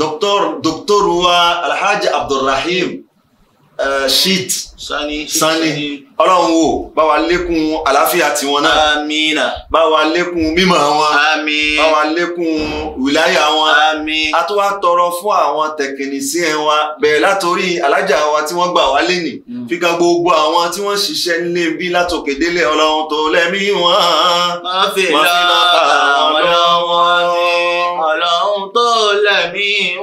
dr dr wa alhaji abdulrahim Eh, sheet sani ọlọ́run wò bá wa lékún àlàáfíà tiwọn náà amina bá wa lékún mímọ̀ wọn àmín bá wa lékún wìláyà wọn àmín a tó wá tọrọ fún àwọn tẹkinisíẹ̀ wa bẹ̀rẹ̀ látòrí alájà wa tí wọ́n gbà wá lẹ́nì mm. fíka gbogbo àwọn tí wọ́n ṣiṣẹ́ nílé bí látòkè délẹ̀ ọlọ́run tó lẹ́mí wọn máa fi lọ́ọ́ àwọn lọ́wọ́ ni. طول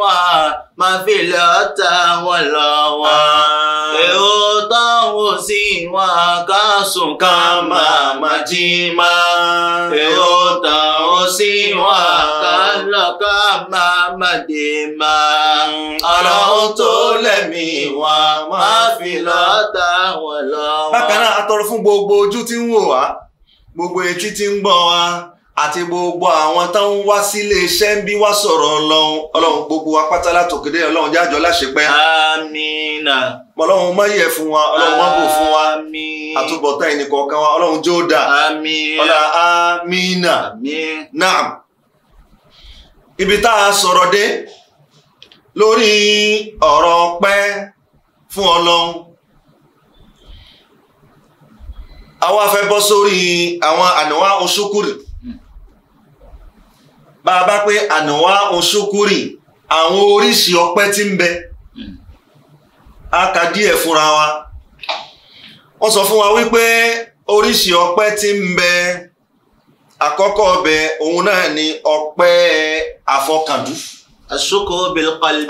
ومفلة والله Eotawo si wa kasu kama majima. Eotawo si wa kala kama madima. Ara ó tó lẹ́mí wa máa fi lọ́ta wọ̀ lọ́wọ́. Bákan náà, a tọrọ fún gbogbo ojú tí ń wò wá, gbogbo etí tí ń gbọ́ wá àti gbogbo àwọn tó ń wá sílé iṣẹ́ ń bí wá sọ̀rọ̀ ọlọ́run ọlọ́run gbogbo wa látòkèdè ọlọ́run jájọ láṣepẹ́. amina. ọlọ́run má yẹ fún wa ọlọ́run má bò fún wa àtúbọ̀tá ẹnìkọ̀ọ̀kan wa ọlọ́run jó dà ọlá amina. naam ibi tá a sọ̀rọ̀ dé lórí ọ̀rọ̀ ọpẹ́ fún ọlọ́run. àwa fẹ́ bọ́ sórí àwọn ànáwá oṣù kùrì. bá pe bá pé ànàwá oṣokúrì àwọn oríṣi nbe, tí ń bẹ a kà díẹ̀ fúnra wa wọ́n sọ fún wa wípé oríṣi ọpẹ́ tí ń bẹ àkọ́kọ́ ọbẹ òun náà ni ọpẹ́ àfọkàndú. àṣokò bil qalbi.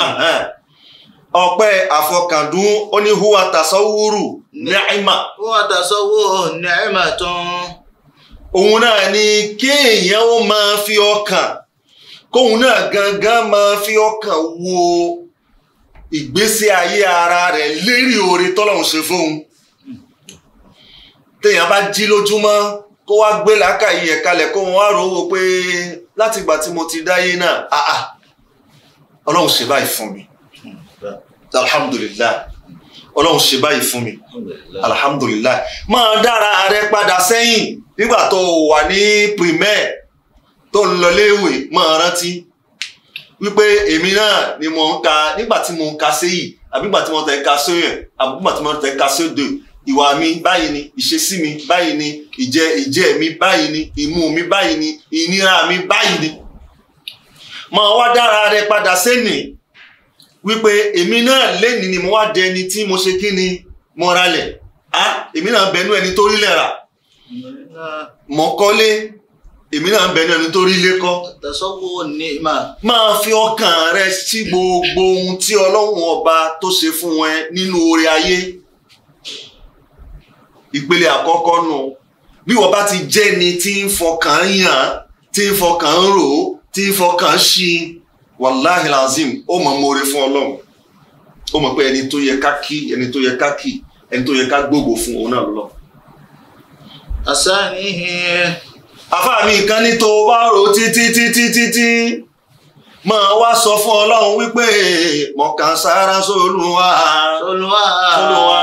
ọpẹ́ àfọkàndú ó ní huwa tasawuru ni'ima. huwa tasawuru ni'ima tán. òun náà ni kéèyàn ó máa fi ọkàn. kóun náà gangan máa fi ọkàn wo ìgbésí ayé ara rẹ̀ lérí oore tọ́lọ́run ṣe fóun téèyàn bá jí lójúmọ́ kó wá gbé làákàyè yẹn kalẹ̀ kó wọn wá rówó pé látìgbà tí mo ti dáyé náà àà ọlọ́run ṣe báyìí fún mi alhamdulilayi ọlọ́run ṣe báyìí fún mi alhamdulilayi máa dára rẹ padà sẹ́yìn nígbà tó wà ní primaire tó ń lọ léèwé máa rántí wípé èmi náà ni mo ń ka nígbà tí mo ń ka séyìí àbí nígbà tí mo tẹ̀ ka sóyè àbí nígbà tí mo tẹ̀ ka sódò ìwà mi báyìí ni ìṣesí mi báyìí ni ìjẹ ìjẹ mi báyìí ni ìmú mi báyìí ni ìnira mi báyìí ni máa wá dára rẹ padà sẹ́nìí wípé èmi náà lénìí ni mo wá di ẹni tí mo ṣe kí ni mo ralẹ̀ á èmi náà bẹnu ẹni tó rí lẹ̀ mọ́kọ́lé èmi náà ń bẹ ní ẹni tó rí ilé kọ́. àtẹ̀sọ́wọ́ ni máa. máa fi ọkàn rẹ sí gbogbo ohun tí ọlọ́run ọba tó ṣe fún ẹ nínú oore ayé. ìpele àkọ́kọ́ nù bí wọ́n bá ti jẹ́ ni tí ń fọkàn yàn tí ń fọkàn rò tí ń fọkàn ṣí wàláhì lazim ó mọ̀ mọ́re fún ọlọ́run ó mọ̀ pé ẹni tó yẹ ká kí ẹni tó yẹ ká kí ẹni tó yẹ ká gbogbo fún òun náà lọ. àṣà nìyẹn àfáàmì kan ní tó bá rò títí títí títí máa wá sọ fún ọlọ́run wípé mọ̀kàn sára sólùwà sólùwà sólùwà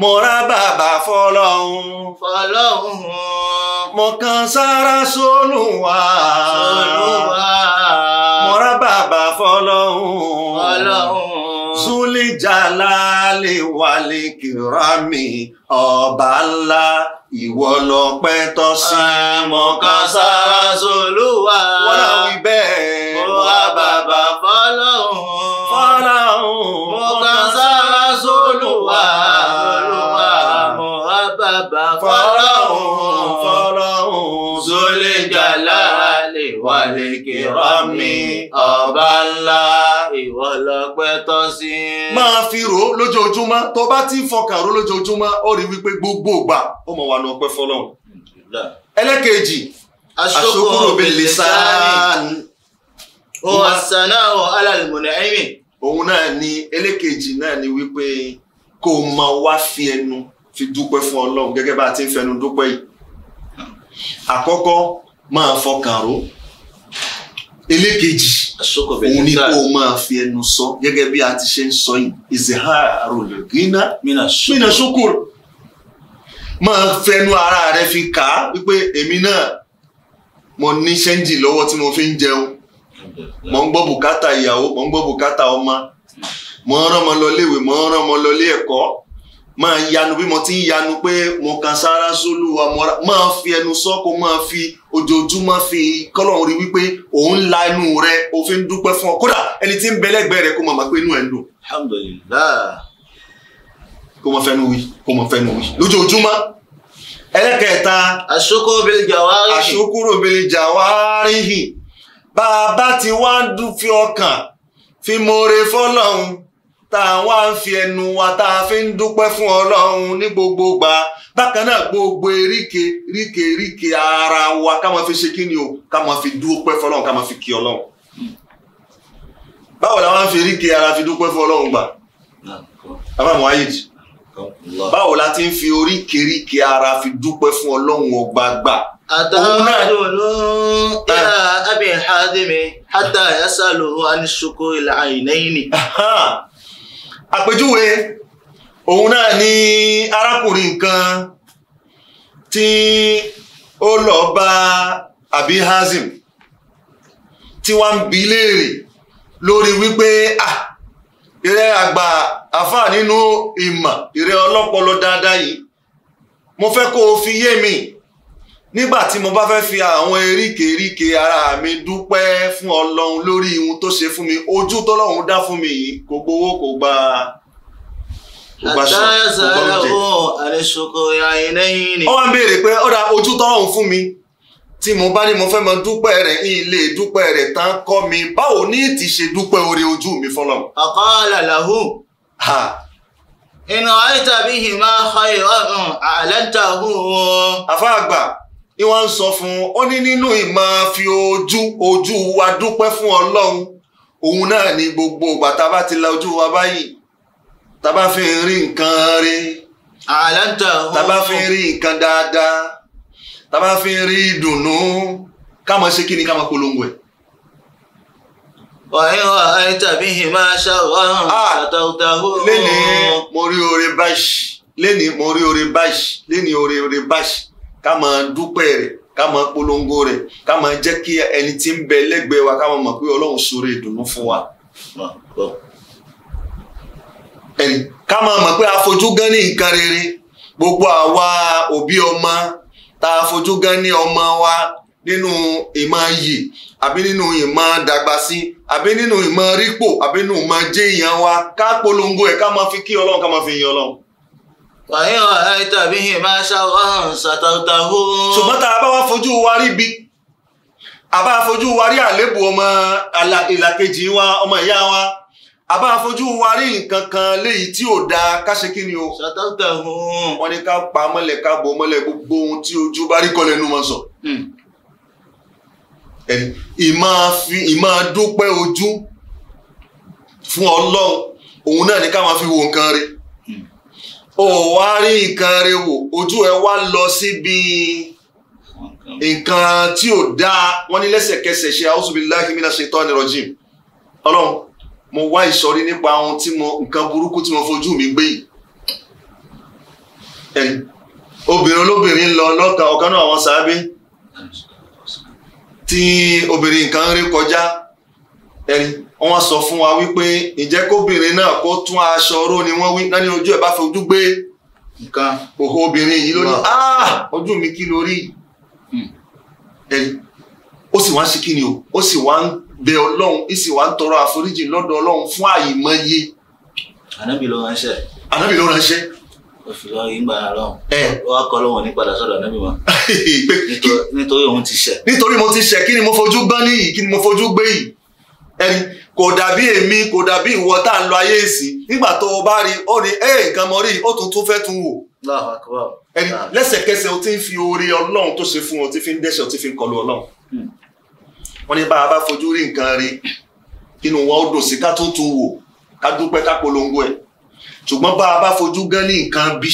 mọ̀ra bàbà fọlọ́run fọlọ́run mọ̀kàn sára sólùwà mọ̀ra bàbà fọlọ́run. Súlì jàlá lè wálé kìrámì ọba ńlá ìwọ lọpẹ́ tọ́ sí. Mọ̀kására solúwa. Wọ́n náà wí bẹ́ẹ̀. Mo wá bàbá fọlọ́hún. wàlẹ̀kẹ̀rọ̀mí ọba ńlá ìwọ lọ́pẹ́ tọ́ sí. máa fi rò ó lójoojúmọ́ tó bá ti ń fọkàn rò lójoojúmọ́ ó rí wípé gbogbo ìgbà ó mọ̀ wà ní ọpẹ́ fọlọ́run. ẹlẹ́kẹ̀jì aṣọ́kúrò bíi lisan ó wà sanáwó alálùmọ̀nà ẹ̀mí. òun náà ni ẹlẹ́kẹ̀jì náà ni wípé kó o máa wá fi ẹnu fi dúpẹ́ fún ọlọ́run gẹ́gẹ́ bá a ti ń fẹnu dúpẹ́ yìí àkọ́kọ́ máa fọkàn rò ó Elekeji, òun ni kó o máa fi ẹnu sọ gẹ́gẹ́ bí a ti ṣe ń sọ yìí ìzìhàrò lẹ́gínà mina ṣukur máa fẹnu ara rẹ fi kà á wípé èmi náà mo ní ṣẹ́ńjì lọ́wọ́ tí mo fi ń jẹun mo ń gbọ́ bùkátà ìyàwó mo ń gbọ́ bùkátà ọmọ mo ń rán ọmọ lọ léèwé mo ń rán ọmọ lọ lé ẹ̀kọ́ máa yanu bí mo ti ń yanu pé mo kan sára sólù ọmọra máa fi ẹnu sọ kó máa fi ojoojúmọ́ fi kọ́lọ́run rí wípé òun la inú rẹ òfin dúpẹ́ fún ọ kódà ẹni tí ń bẹ lẹ́gbẹ̀ẹ́ rẹ kó máa mọ̀ pé inú ẹ̀ ń dùn. kó máa fẹnu wí kó máa fẹnu wí lójoojúmọ́ ẹlẹ́kẹ̀ẹ́ta àṣókòrò bíi jàwárìhì àṣókòrò bíi jàwárìhì bá a bá ti wá dún fi ọkàn fi mọ̀ọ́rẹ́ fọ́lọ́run tá a wá ń fi ẹnu wa tá a fi ń dúpẹ́ fún ọlọ́run ní gbogbo gbà bákan náà gbogbo eríke ríke ríke ara wa ká máa fi ṣe kí ni o ká máa fi dúpẹ́ fọlọ́run ká máa fi kí ọlọ́run báwo la wá ń fi ríke ara fi dúpẹ́ fún ọlọ́run gbà bàbá muhammed báwo la ti ń fi oríkèéríkèé ara fi dúpẹ́ fún ọlọ́run ọgbà gbà. àtàwọn ìyá abi hadimi hatta yasalu anishoko ilà àìnáyìnì. àpèjúwe òun náà ni arákùnrin kan tí ó lọ bá àbí Hazim tí wọ́n ń bi léèrè lórí wípé ah agba àgbà ninu nínú ire ìrẹ́ ọlọ́pọlọ dáadáa yìí mo fe kó o fi yé mi nígbà tí mo bá fẹ́ fi àwọn eríkèéríkè ara mi dúpẹ́ fún ọlọ́run lórí ihun tó ṣe fún mi ojú tọ́lọ́run dá fún mi yìí kò gbowó kò gba ó wá ń béèrè pé ọ̀dà ojú tọ́lọ́run fún mi tí mo bá ní mo fẹ́ mọ dúpẹ́ rẹ̀ ilé dúpẹ́ rẹ̀ tán kọ́ mi báwo ní ti ṣe dúpẹ́ oore ojú mi fọlọ́. qala lahu. in ra'ayta bihima khayran a'lantahu. àfa àgbà ni wọ́n ń sọ fún un ó ní nínú ìmọ̀ fi ojú ojú wa dúpẹ́ fún ọlọ́run òun náà ni gbogbo ìgbà tá a bá ti la ojú wa báyìí tá a bá fi rí nǹkan rí tá a bá fi rí nǹkan dáadáa tá a bá fi rí ìdùnnú ká ṣe kí ni ká máa polongo ẹ̀. wàhíì wàhíì tàbí ìhìnmá ṣàwọn ṣàtàwùtàwù. lẹ́ni mo rí ore báṣì lẹ́ni mo rí oore báṣì lẹ́ni oore oore báṣì ká máa dúpẹ́ rẹ̀ ká máa polongo rẹ̀ ká máa jẹ́ kí ẹni tí ń bẹ lẹ́gbẹ̀ẹ́ wa ká máa mọ̀ pé ọlọ́run ṣoore ìdùnnú fún wa. ká máa mọ̀ pé a fojú gan ní nǹkan rere gbogbo àwa òbí ọmọ tá a gan ní ọmọ wa nínú ìmọ̀ yì àbí nínú ìmọ̀ dàgbà sí àbí nínú ìmọ̀ rípò àbí nínú ìmọ̀ jẹ́ èèyàn wa ká polongo ẹ̀ ká máa fi kí ọlọ́run ká máa fi yin ọlọ́run tọ́yọ̀ àìtàbí ìmá ṣàwọn ṣàtàtàwó. ṣùgbọ́n tá a bá wá fojú wa rí bi a bá fojú wa rí àléébù ọmọ ìlàkejì wa ọmọ ìyá wa a bá fojú wa rí nǹkan kan léyìí tí ò dáa ká kí ni o. ṣàtàtàwó. wọ́n ní ká pa mọ́lẹ̀ ká bọ̀ mọ́lẹ̀ gbogbo ohun tí ojú bá rí kọ́lẹ̀ nù mọ́ sọ. Hmm. ìmọ̀ fi ìmọ̀ dúpẹ́ ojú fún Ọlọ́run òun náà ni ká máa fi wo nǹkan rẹ̀ òun wá rí nǹkan rẹ wò ojú ẹ wá lọ síbi nǹkan tí ò dáa wọ́n ní lẹ́sẹ̀kẹsẹ̀ ṣe a'udhu billahi minash shaitani rajim ọlọ́run mo wá ìsọ̀rí nípa ohun tí mo nǹkan burúkú tí mo fojú mi gbé yìí obìnrin olóbìnrin ń lọ lọ́ka ọ̀kan náà àwọn sàábé tí obìnrin nǹkan ń rí kọjá ẹ̀rí wọ́n sọ fún wa wípé ǹjẹ́ kóbìnrin náà kó tún aṣọ oró ni wọ́n wí náà ní ojú ẹ̀ bá fi ojú gbé nǹkan òhò obìnrin yìí lónìí ah ojú mi kí lórí hmm. ẹ̀rí ó sì wá ń ṣe kí ni o ó sì wá ń bẹ ọlọ́run ó sì wá ń tọrọ àforíjì lọ́dọ̀ ọlọ́run fún àìmọye. ànábì ló ránṣẹ́. ànábì ló ránṣẹ́ òfìlọ yìí ń gbà náà lọ́hùn. ẹ ó wá kọ́ lóhùn ní padà sọ́dọ̀ ànábì mọ́. nítorí òun ti ṣẹ̀. nítorí mo ti ṣẹ̀ kí ni mo fojú gbọ́n níyì kí ni mo fojú gbé yìí ẹni kò dàbí èmi kò dàbí ìwọ tá à ń lo ayé èsì nígbà tó o bá rí ó rí ẹ nǹkan mọ rí ó tún tún fẹ́ tún wò. ẹni lẹ́sẹ̀kẹsẹ̀ o ti ń fi oore ọlọ́run tó ṣe fún ọ ti fi ń dẹ́ṣẹ̀ o ti fi ń kọlu ọlọ́run. Hmm. wọ́n ní bá a bá fojú rí nǹkan rí inú wa ó dùn sí ká tó tún wò ká dúpẹ́ ká polongo ẹ̀ ṣùgbọ́n bá a bá fojú gan ní nǹkan bí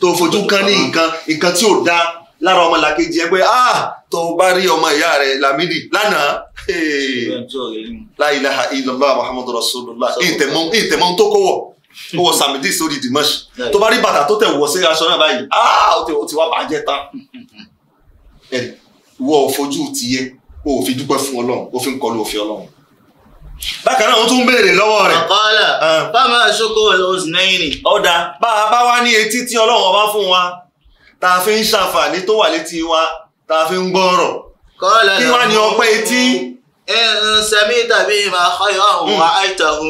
tó fojú gan ní nǹkan nǹkan tí ò dáa lára ọmọ làkejì ẹ ah tó o bá rí ọmọ ìyá rẹ Lámídì la ilaha illallah muhammadu rasulullah ìtẹ̀mọ́ tó kọ́wọ̀ ó wọ sàmìdí sórí dimash tó bá rí bàtà tó tẹ̀ wọ̀ sí aṣọ náà báyìí ah, ó ti wá bàjẹ́ tán wọ́ fojú tiyẹ ó fi dúpẹ́ fún ọlọ́run ó fi ń kọlu òfin ọlọ́run bákan náà wọ́n tún béèrè lọ́wọ́ rẹ̀. ọ̀kọ́lá fáwọn ah. aṣọ́kọ̀ ọ̀sìnẹ́yìnì. ọ̀dà bá a bá wá ní etí tí ọlọ́run ọba fún wa tá a fi ń ṣàǹfààní tó wà létí wa tá a fi ń gbọ́ ọ̀rọ̀ kí wá ní ọpẹ́ etí. إن سميت بهما خيرا رأيته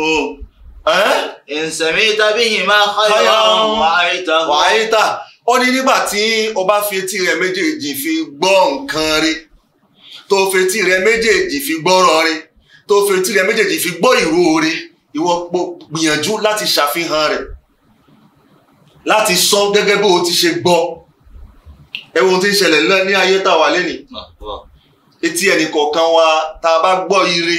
إن سميت بهما خيرا رأيته رأيته ó ní nígbà tí o bá fi etí rẹ méjèèjì fi gbọ́ nǹkan rí tó fi etí rẹ méjèèjì fi gbọ́rọ̀ rí tó fi etí rẹ méjèèjì fi gbọ́ ìró rí ìwọ gbìyànjú láti ṣàfihàn rẹ̀ láti sọ gẹ́gẹ́ bó o ti ṣe gbọ́ ẹ wo ohun ń ṣẹlẹ̀ ní ayé tá lẹ́nìí etí ẹnì kọ̀ọ̀kan wa tá a bá gbọ́ ire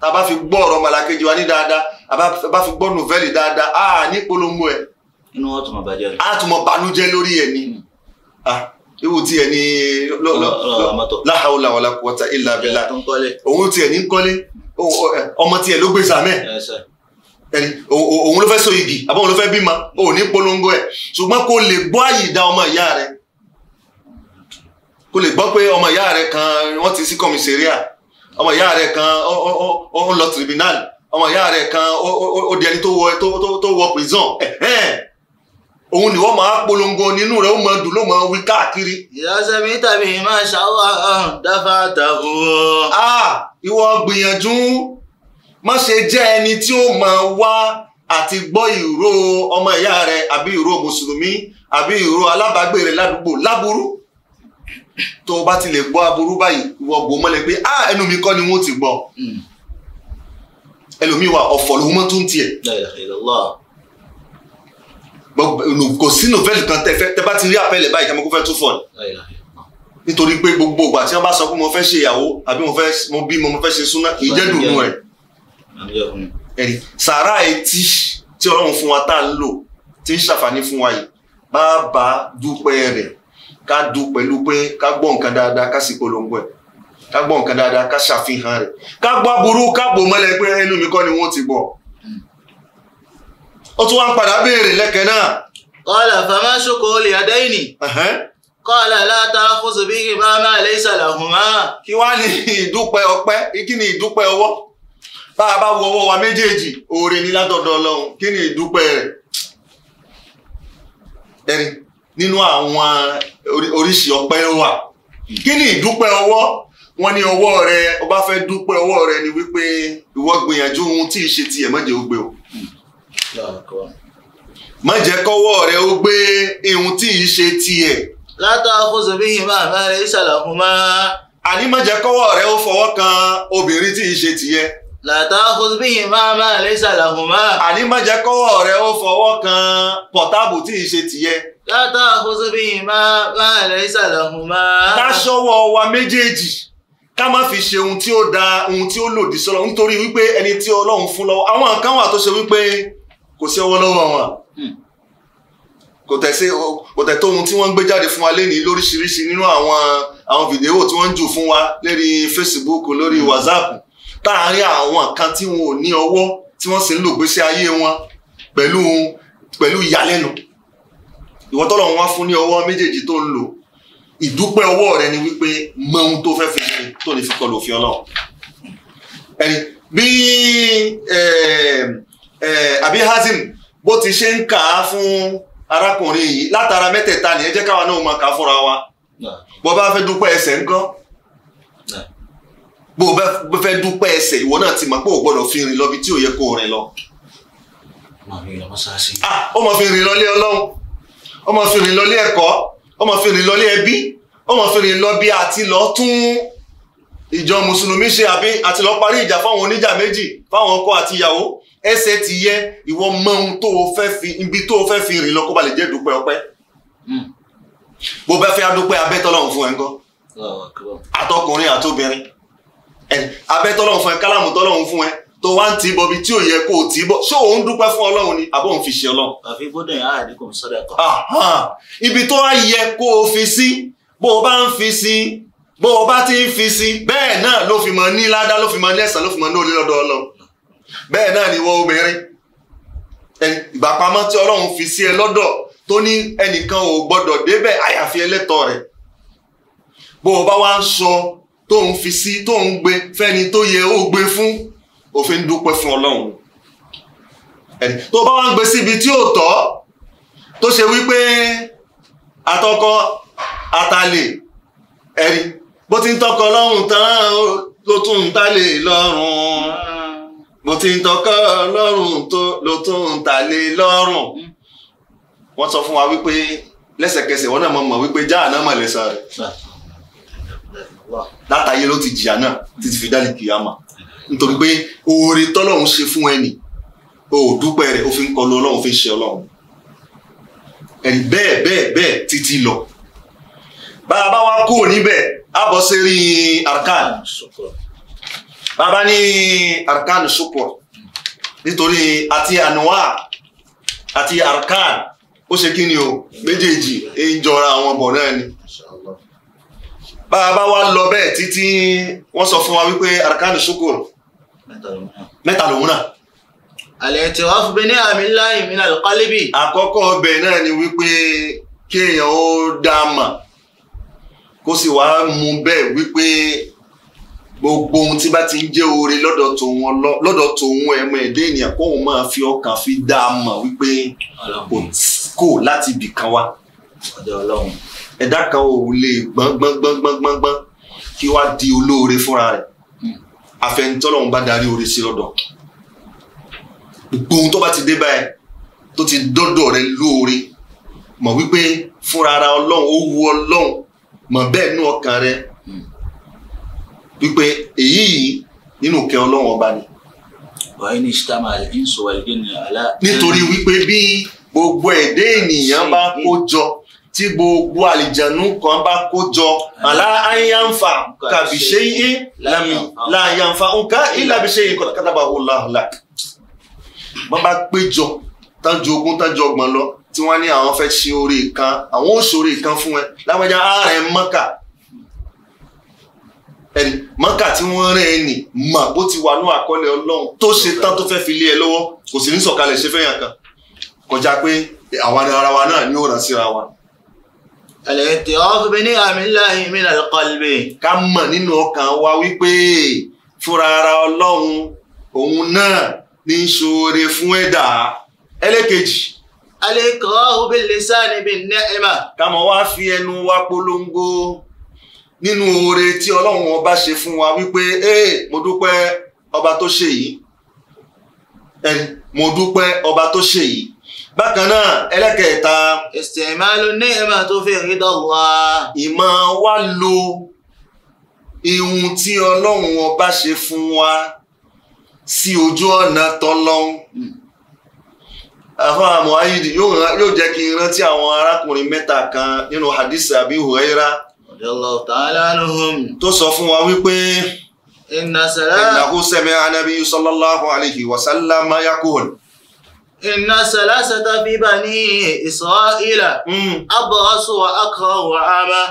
tá a bá fi gbọ́ ọ̀rọ̀ malakeji wa ní dáadáa a bá fi gbọ́ nùvẹ́lì dáadáa a ní polongo ẹ̀. inú wọn tún mọ bàjẹ́ rẹ. a tún mọ banújẹ́ lórí ẹ̀ ni hmm. ewu tí ẹ ní láhàúlà wàlà kùwàtà ìlà abẹ́là òun tí ẹ ní kọ́lé ọmọ tí ẹ ló gbé sàmẹ́ òun ló fẹ́ so igi àbọ̀ òun ló fẹ́ bímọ òun ní polongo ẹ̀ ṣùgbọ́n kó lè gbọ́ àyídá ọmọ ìyá rẹ̀ kó lè gbọ́ pé ọmọ ìyá rẹ̀ kan wọ́n ti sí kọ́mísẹ́ríà ọmọ ìyá rẹ̀ kan ó ń lọ tribunal ọmọ ìyá rẹ̀ kan ó di ẹni tó wọ tó wọ prison òun ni wọ́n máa polongo nínú rẹ̀ ó máa dùn ló máa wí káàkiri. ìyáṣẹ́ mi tàbí máa ṣàwọ̀ dáfà tàbí. ìwọ gbìyànjú má ṣe jẹ́ ẹni tí ó máa wá àti gbọ́ ìró ọmọ ìyá rẹ̀ àbí ìró mùsùlùmí àbí ìró alábàágbé rẹ̀ ládùúgbò láburú tó o bá ti lè gbọ́ aburú báyìí ìwọ bò mọ́lẹ̀ pé ah ẹnu mi kọ́ ni wọ́n ti gbọ́ hmm. ẹlòmíì wà ọ̀fọ̀ lòun mọ́ tó ń tiẹ̀ kò sí nọ́vẹ́lì kan tẹ bá ti rí àpẹẹlẹ báyìí kí a mọ̀ kó fẹ́ tún fọ̀ ni nítorí pé gbogbo ìgbà tí wọ́n bá sọ pé mo fẹ́ ṣe ìyàwó àbí mo fẹ́ mo bí mo fẹ́ ṣe súná kì í jẹ́ dùnú ẹ̀ ẹ̀rí sàárà etí tí ọlọ́run fún wa tá à ń lò tí ń ṣàǹfààní fún wa yìí bá a bá dúpẹ́ rẹ̀ ká du pẹ̀lú pé ká gbọ́ nǹkan dáadáa ká sì polongo ẹ̀ ká gbọ́ nǹkan dáadáa ká ṣàfihàn rẹ̀ ká gbọ́ aburú ká bò mọ́lẹ̀ pé ẹnu mi kọ́ ni wọ́n ti bọ̀. ó tún wá ń padà béèrè lẹ́kẹ̀ẹ́ náà. kọ́lá fama ṣoko olè adéyìnì. kọ́lá látara fóso bí ibà máa lè ṣàlàhùn máa. kí wá ní ìdúpẹ́ ọpẹ́ kí ni ìdúpẹ́ ọwọ́ bá a bá wọ ọwọ́ wa méjèèjì oore ní látọ̀dọ̀ ọlọ́run kí ni ìdúpẹ́ rẹ̀ ẹ̀rín nínú àwọn oríṣi ọpẹ́ wà kí ni ìdúpẹ́ ọwọ́ wọn ní ọwọ́ rẹ o bá fẹ́ dúpẹ́ rẹ ni wípé ìwọ gbìyànjú ohun tí ì ṣe tiẹ̀ má ó gbé o má jẹ́ rẹ ó gbé ohun tí ì ṣe tiẹ̀. látàá kó sọ bí ìmọ̀ àmàlẹ́ ìṣàlàkùn máa. àní má jẹ́ rẹ ó fọwọ́ kan obìnrin tí ì ṣe tiẹ̀ látàkùn bíi máa máa lè ṣàlàkùn máa. àní má jẹ́ rẹ ó fọwọ́ kan pọ̀tábù tí ì ṣe tìyẹ látà àkóso bí ìmá láàrin ìsàlẹ̀ ọ̀hún máa. ká ṣọwọ́ wa méjèèjì ká má fi ṣe ohun tí ó da ohun tí ó lòdì sọ́lọ́ nítorí wípé ẹni tí ọlọ́run fún lọ́wọ́ àwọn nǹkan wà tó ṣe wípé kò sí ọwọ́ lọ́wọ́ wọn hmm. kò tẹ̀sí kò tẹ̀ tó ohun tí wọ́n ń gbé jáde fún wa lẹ́ni lóríṣiríṣi nínú àwọn àwọn fídíò tí wọ́n ń jù fún wa lórí Facebook lórí hmm. WhatsApp táàárín àwọn kan tí wọn ò ní ọwọ́ tí wọ́n sì ń lò gbésí ayé wọn pẹ̀lú pẹ̀lú ìyàlẹ́nu ìwọ tọ́lọ́run wá fún ní ọwọ́ méjèèjì tó ń lò ìdúpẹ́ ọwọ́ rẹ ni wípé mọ ohun tó fẹ́ fi ṣe tó lè fi kọlù òfin ọlọ́run ẹni bí àbí Hazim bó ti ṣe ń kà á fún arákùnrin yìí látara mẹ́tẹ̀ẹ̀ta nìyẹn jẹ́ káwa náà máa kà á fúnra wa bó bá fẹ́ dúpẹ́ ẹsẹ̀ ńkọ́ bó bá fẹ́ dúpẹ́ ẹsẹ̀ ìwọ náà ti mọ̀ pé ò gbọ́dọ̀ fi rìn lọ bí tí ò yẹ kó rìn lọ. Ah, ó mọ̀ fi rìn lọ lé ọlọ́run ọmọ sùn ní lọlé ẹ̀kọ́ ọmọ sùn ní lọlé ẹbí ọmọ sùn ní lọ bí àti lọ tún ìjọ mùsùlùmí ṣe àbí àti lọ parí ìjà fáwọn oníjà méjì fáwọn ọkọ àti ìyàwó ẹsẹ̀ ti yẹ ìwọ mọ ohun tó o fẹ́ fi ibi tó o fẹ́ fi rìn lọ kó ba lè jẹ́ dúpẹ́ ọpẹ́ hmm. bó bá fẹ́ adúpẹ́ abẹ́tọ́lọ́hún fún ẹ ńkọ́ àtọkùnrin àtobìnrin abẹ́tọ́lọ́hún fún ẹ kálámù tọ́lọ́hún fún ẹ tó wá ń tì bọ̀ bí tí ò yẹ kó o tì bọ̀ ṣó òun dúpẹ́ fún ọlọ́run ni àbọ̀ òun fi ṣe ọlọ́run. àfi gbọ́dọ̀ yà àdínkù sọ́dọ̀ kan. ibi tó wá yẹ kó o fi sí bó o bá ń fi sí bó o bá ti ń fi sí bẹ́ẹ̀ náà ló fi mọ ní ládá ló fi mọ ní ẹ̀san ló fi mọ ní olè lọ́dọ̀ ọlọ́run bẹ́ẹ̀ náà ni wọ́n obìnrin ìgbàpamọ́ tí ọlọ́run fi sí ẹ lọ́dọ̀ tó ní ẹnìkan ò gbọ́dọ̀ débẹ̀ àyàfi ẹlẹ́tọ̀ rẹ̀ bó o bá wá ń sọ tó fi sí tó gbé fẹ́ni tó yẹ ó gbé fún o fi ń dúpẹ́ fún ọlọ́run ẹni tó bá wá ń gbé síbi tí ò tọ́ tó ṣe wípé atọ́kọ atalè ẹni bó ti ń tọkọ lọ́rùn tán ló tún ń talè lọ́rùn bó ti ń tọkọ lọ́rùn ló tún ń talè lọ́rùn wọ́n sọ fún wa wípé lẹ́sẹ̀kẹsẹ̀ wọ́n náà mọ̀ mọ̀ wípé jáà náà mọ̀ rẹ̀ látàyé ló ti jìyà náà títí fi dálì kìyàmà nítorí pé oore tọ́lọ́run ṣe fún ẹnì o ò dúpẹ́ rẹ̀ o fi ń kọlu ọlọ́run fi ń ṣe ọlọ́run ẹ̀rí bẹ́ẹ̀ bẹ́ẹ̀ bẹ́ẹ̀ títí lọ bá a bá wá kú níbẹ̀ a bọ̀ sí arkan bàbá ní arkan ṣùkọ̀ nítorí àti anua, àti arkan ó ṣe kí ni o méjèèjì ń jọra àwọn bọ̀ náà ni bá a bá wá lọ bẹ́ẹ̀ títí wọ́n sọ fún wa wípé arkan ṣùkọ̀ mẹ́ta lòun náà. al-i'tiraf bi ni'amillahi min al-qalbi. àkọ́kọ́ ọbẹ̀ náà ni wípé kéèyàn ó dá a mà kó sì wá mú bẹ́ẹ̀ wípé gbogbo ohun tí bá ti ń jẹ́ oore lọ́dọ̀ tòun lọ́dọ̀ tòun ẹ̀mọ ẹ̀dẹ́ ènìyàn kóun máa fi ọkàn fi dá a mọ̀ wípé kò láti ibì kan wá. ẹ̀dá kan ò lè gbọ́n gbọ́n gbọ́n gbọ́n gbọ́n kí wá di olóore fúnra rẹ̀ àfẹnitọ́lọ́hún bá darí oore sí lọ́dọ̀ gbogbo ohun tó bá ti dé báyìí tó ti dọ́dọ̀ rẹ lóore mọ̀ wípé fúnra ara ọlọ́run ó wu ọlọ́run mọ̀ bẹ́ẹ̀ nú ọkàn rẹ wípé èyí yìí nínú kẹ ọlọ́run ọba ni. wàá ní sítàmà ìṣòwò ìdí ni àlá. nítorí wípé bí gbogbo ẹ̀dẹ́ ènìyàn bá kó jọ tí gbogbo àlìjànú kan bá kó jọ àlá àyànfà kàbí ṣe é lámì láàyànfà nǹkan ìlàbí ṣe é kọ́tàkátàbà ọ̀làọ̀là. wọ́n bá péjọ tán ju ogún tán ju ọgbọ̀n lọ tí wọ́n ní àwọn fẹ́ ṣe orí kan àwọn ò ṣe orí kan fún ẹ lágbájá ààrẹ mọ́kà ẹni mọ́kà tí wọ́n rẹ̀ ẹ́ nì mà bó ti wà ní àkọọ́lẹ̀ ọlọ́run tó ṣe tán tó fẹ́ fi lé ẹ lọ́wọ́ kò sì ní sọ̀kalẹ̀ ṣe fẹ́yàn kan kọjá pé àwọn ara wa náà ni ó ràn síra wa al-i'tiraf bi ni'amillahi min al-qalbi. ká mọ̀ nínú ọkàn wa wípé fúnra ara ọlọ́run òun náà ní í ṣoore fún ẹ̀dá ẹlẹ́kejì. al-ikrahu bil-lisani bin-ni'ma. ká mọ̀ wá fi ẹnu wa polongo nínú oore tí ọlọ́run ọba ṣe fún wa wípé ee mo dúpẹ́ ọba tó ṣe yìí mo dúpẹ́ ọba tó ṣe yìí bákan náà ẹlẹ́kẹ̀ẹ́ta. ìsìnmáàlú ní ìmọ̀ tó fi rí dọ́gba. ìmọ̀ wa lo ihun tí ọlọ́run ọba ṣe fún wa sí ojú ọ̀nà tọ́lọ́hún. àfọwọ́n àmọ́ ayídi yóò jẹ́ kí n rántí àwọn arákùnrin mẹ́ta kan nínú hadith Abi Huraira. tó sọ fún wa wípé. inna sara. innahu sami'a an-nabiy إن ثلاثة في بني إسرائيل أبرص وأكره وأعمى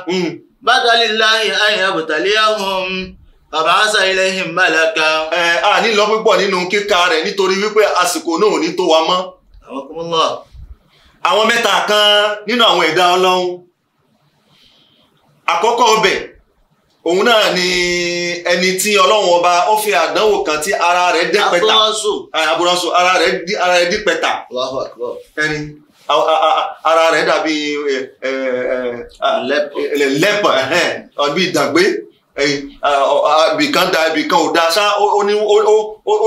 بدا الله أن يبتليهم àbáṣà iléyìn mẹ́lẹ́ka. ẹ a ní lọ púpọ̀ nínú kíka rẹ̀ nítorí wípé àsìkò náà ò ní tó wa mọ́. àwọn mẹ́ta kan nínú àwọn ẹ̀dá ọlọ́run àkọ́kọ́ ọbẹ̀ òun náà ni ẹni tí ọlọ́run ọba ó fi àdánwò kan tí ara rẹ̀ dẹ́ pẹ́ta abúrọ́sù ara rẹ̀ dí pẹ́ta ẹni ara rẹ̀ dàbí lẹ́pọ̀ ọ̀bí ìdàgbé ibìkan da ibìkan ò da ṣá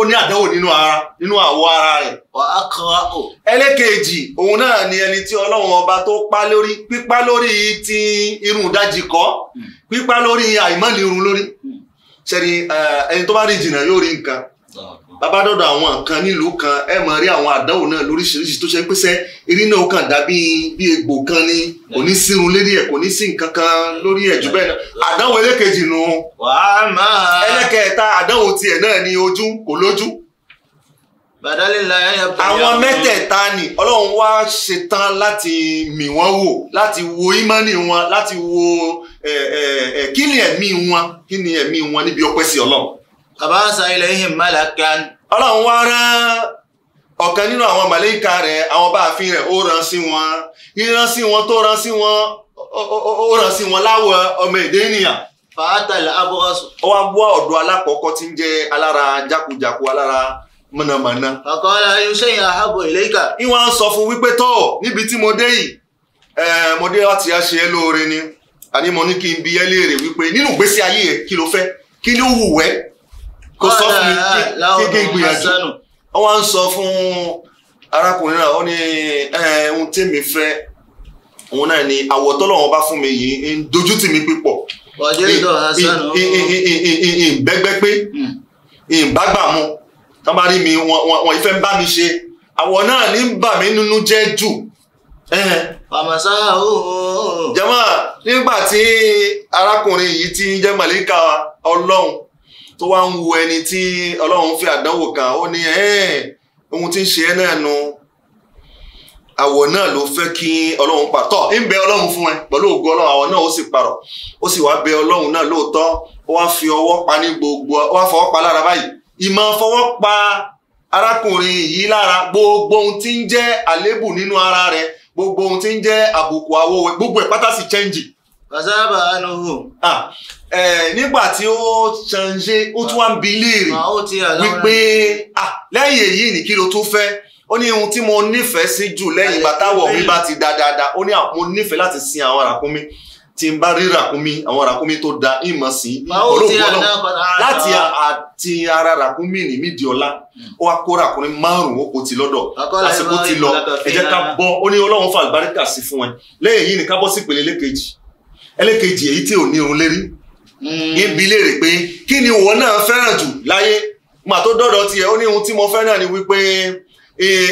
ó ní àdánwò nínú ara nínú àwọ̀ ara rẹ̀. wàá kan á kò. ẹlẹ́kẹ̀ẹ́jì òun náà ni ẹni tí ọlọ́run ọba tó pa lórí pípa lórí ti irun ìdajì kọ́. Mm pípa lórí àìmọ́lì irun lórí ṣẹ́ni ẹni tó bá rí jìnnà yóò rí nǹkan bàbá dọ̀dọ̀ àwọn nǹkan nílùú kan ẹ mọ̀ rí àwọn àdánwò náà lóríṣiríṣi tó ṣe pé sẹ́ eré náà kàn dàbí bí egbò kan ni kò ní sírun lérí ẹ̀ kò ní sí nǹkan kan lórí ẹ̀ jù bẹ́ẹ̀ náà àdánwò ẹlẹ́kejì nu ẹlẹ́kẹ̀ẹ́ta àdánwò tiẹ̀ náà ni ojú kò lójú àwọn mẹ́tẹ̀ẹ̀ta ni ọlọ́run wá ṣetán láti mì wọ́n wò láti wo ímánì wọn láti wo Kini ni ẹ̀mí wọn kini ni ẹ̀mí wọn níbi ọpẹ́ sí ọlọ́run. bàbá àṣà ilẹ̀ yìí malakan. ọlọ́run wá rán ọ̀kan nínú àwọn màlẹ́kà rẹ̀ àwọn bá àfin rẹ̀ ó rán sí wọn rírán sí wọn tó rán sí wọn ó rán sí wọn láwọ̀ ọmọ èdè ènìyàn fàátàlà abọ́gàsù. ó wá wá ọ̀dọ̀ alákọ̀ọ́kọ́ tí ń jẹ́ alára jákujàku alára mọ̀nàmọ̀nà. àkọọ́lá ayọ̀sẹ́yìn àhábọ̀ ìlẹ́kà. ìwọ̀n sọ fún wípé tọ́ níbi tí mo dé yìí mo ni àní mo ní kí n bi ẹ́ léèrè wípé nínú ìgbésí ayé ẹ kí ló fẹ́ kí ló wù ẹ́ kó sọ fún mi kí n gbìyànjú wọ́n wá ń sọ fún arákùnrin náà ó ní ohun tèmi fẹ́ òun náà ni àwọ̀ tọ́lọ́wọ́n bá fún mi yìí ń dojú tì mí pípọ̀ ìbẹ́gbẹ́ pé hmm. ìbágbà mu tán bá rí mi wọ́n ìfẹ́ ń bá mi ṣe àwọ̀ náà ní ń bà mí nínú jẹ́ jù pàmàṣá òun. jama nígbà tí arákùnrin yìí ti ń jẹ́ màlíkà ọlọ́run tó wá ń wo ẹni tí ọlọ́run fi àdánwò kan ó ní ohun tí ń ṣe ẹ́ náà nu àwọ̀ náà ló fẹ́ kí ọlọ́run pàtọ́ ń bẹ ọlọ́run fún ẹ pẹ̀lú ògùn ọlọ́run àwọn náà ó sì parọ̀ ó sì wá bẹ ọlọ́run náà lóòótọ́ ó wá fi ọwọ́ pa ní gbogbo ó wá fọwọ́ pa lára báyìí ìmọ̀ fọwọ́ pa arákùnrin yìí lára gbogbo ohun tí ń jẹ́ àléébù nínú ara rẹ̀ gbogbo ohun tí ń jẹ́ àbùkù àwọ̀wẹ̀ gbogbo ẹ̀ pátá sì chẹ́ǹjì. Kàzáàbà ànúhù. Nígbà tí ó ṣànṣe, ó tún wá ń bi léèrè wípé lẹ́yìn èyí ni kí ló tó fẹ́. Ó ní ohun tí mo nífẹ̀ẹ́ sí jù lẹ́yìn ìgbà táwọ̀ mi bá ti dáadáa. Ó ní mo nífẹ̀ẹ́ láti sin àwọn àràkúnmí tí n bá rí ràkúnmí àwọn ràkúnmí tó da ìmọ̀ sí olóògbọ́nà láti àti ara ràkúnmí ní mídìí ọlá hmm. ó wá kó ràkúnmí márùn-ún ó kò ti lọ́dọ̀ àsìkò ti lọ ẹ jẹ́ ká bọ́ ó ní ọlọ́run fà àlùbáríkà sí fún ẹ lẹ́yìn yìí ní ká bọ́ sí ìpele ẹlẹ́kejì ẹlẹ́kejì èyí tí ò ní irun lérí hmm. ibi léèrè pé kí ni ìwọ náà fẹ́ràn jù láyé màá tó dọ́dọ̀ tiẹ̀ ó ní ohun tí mo fẹ́ràn ni wípé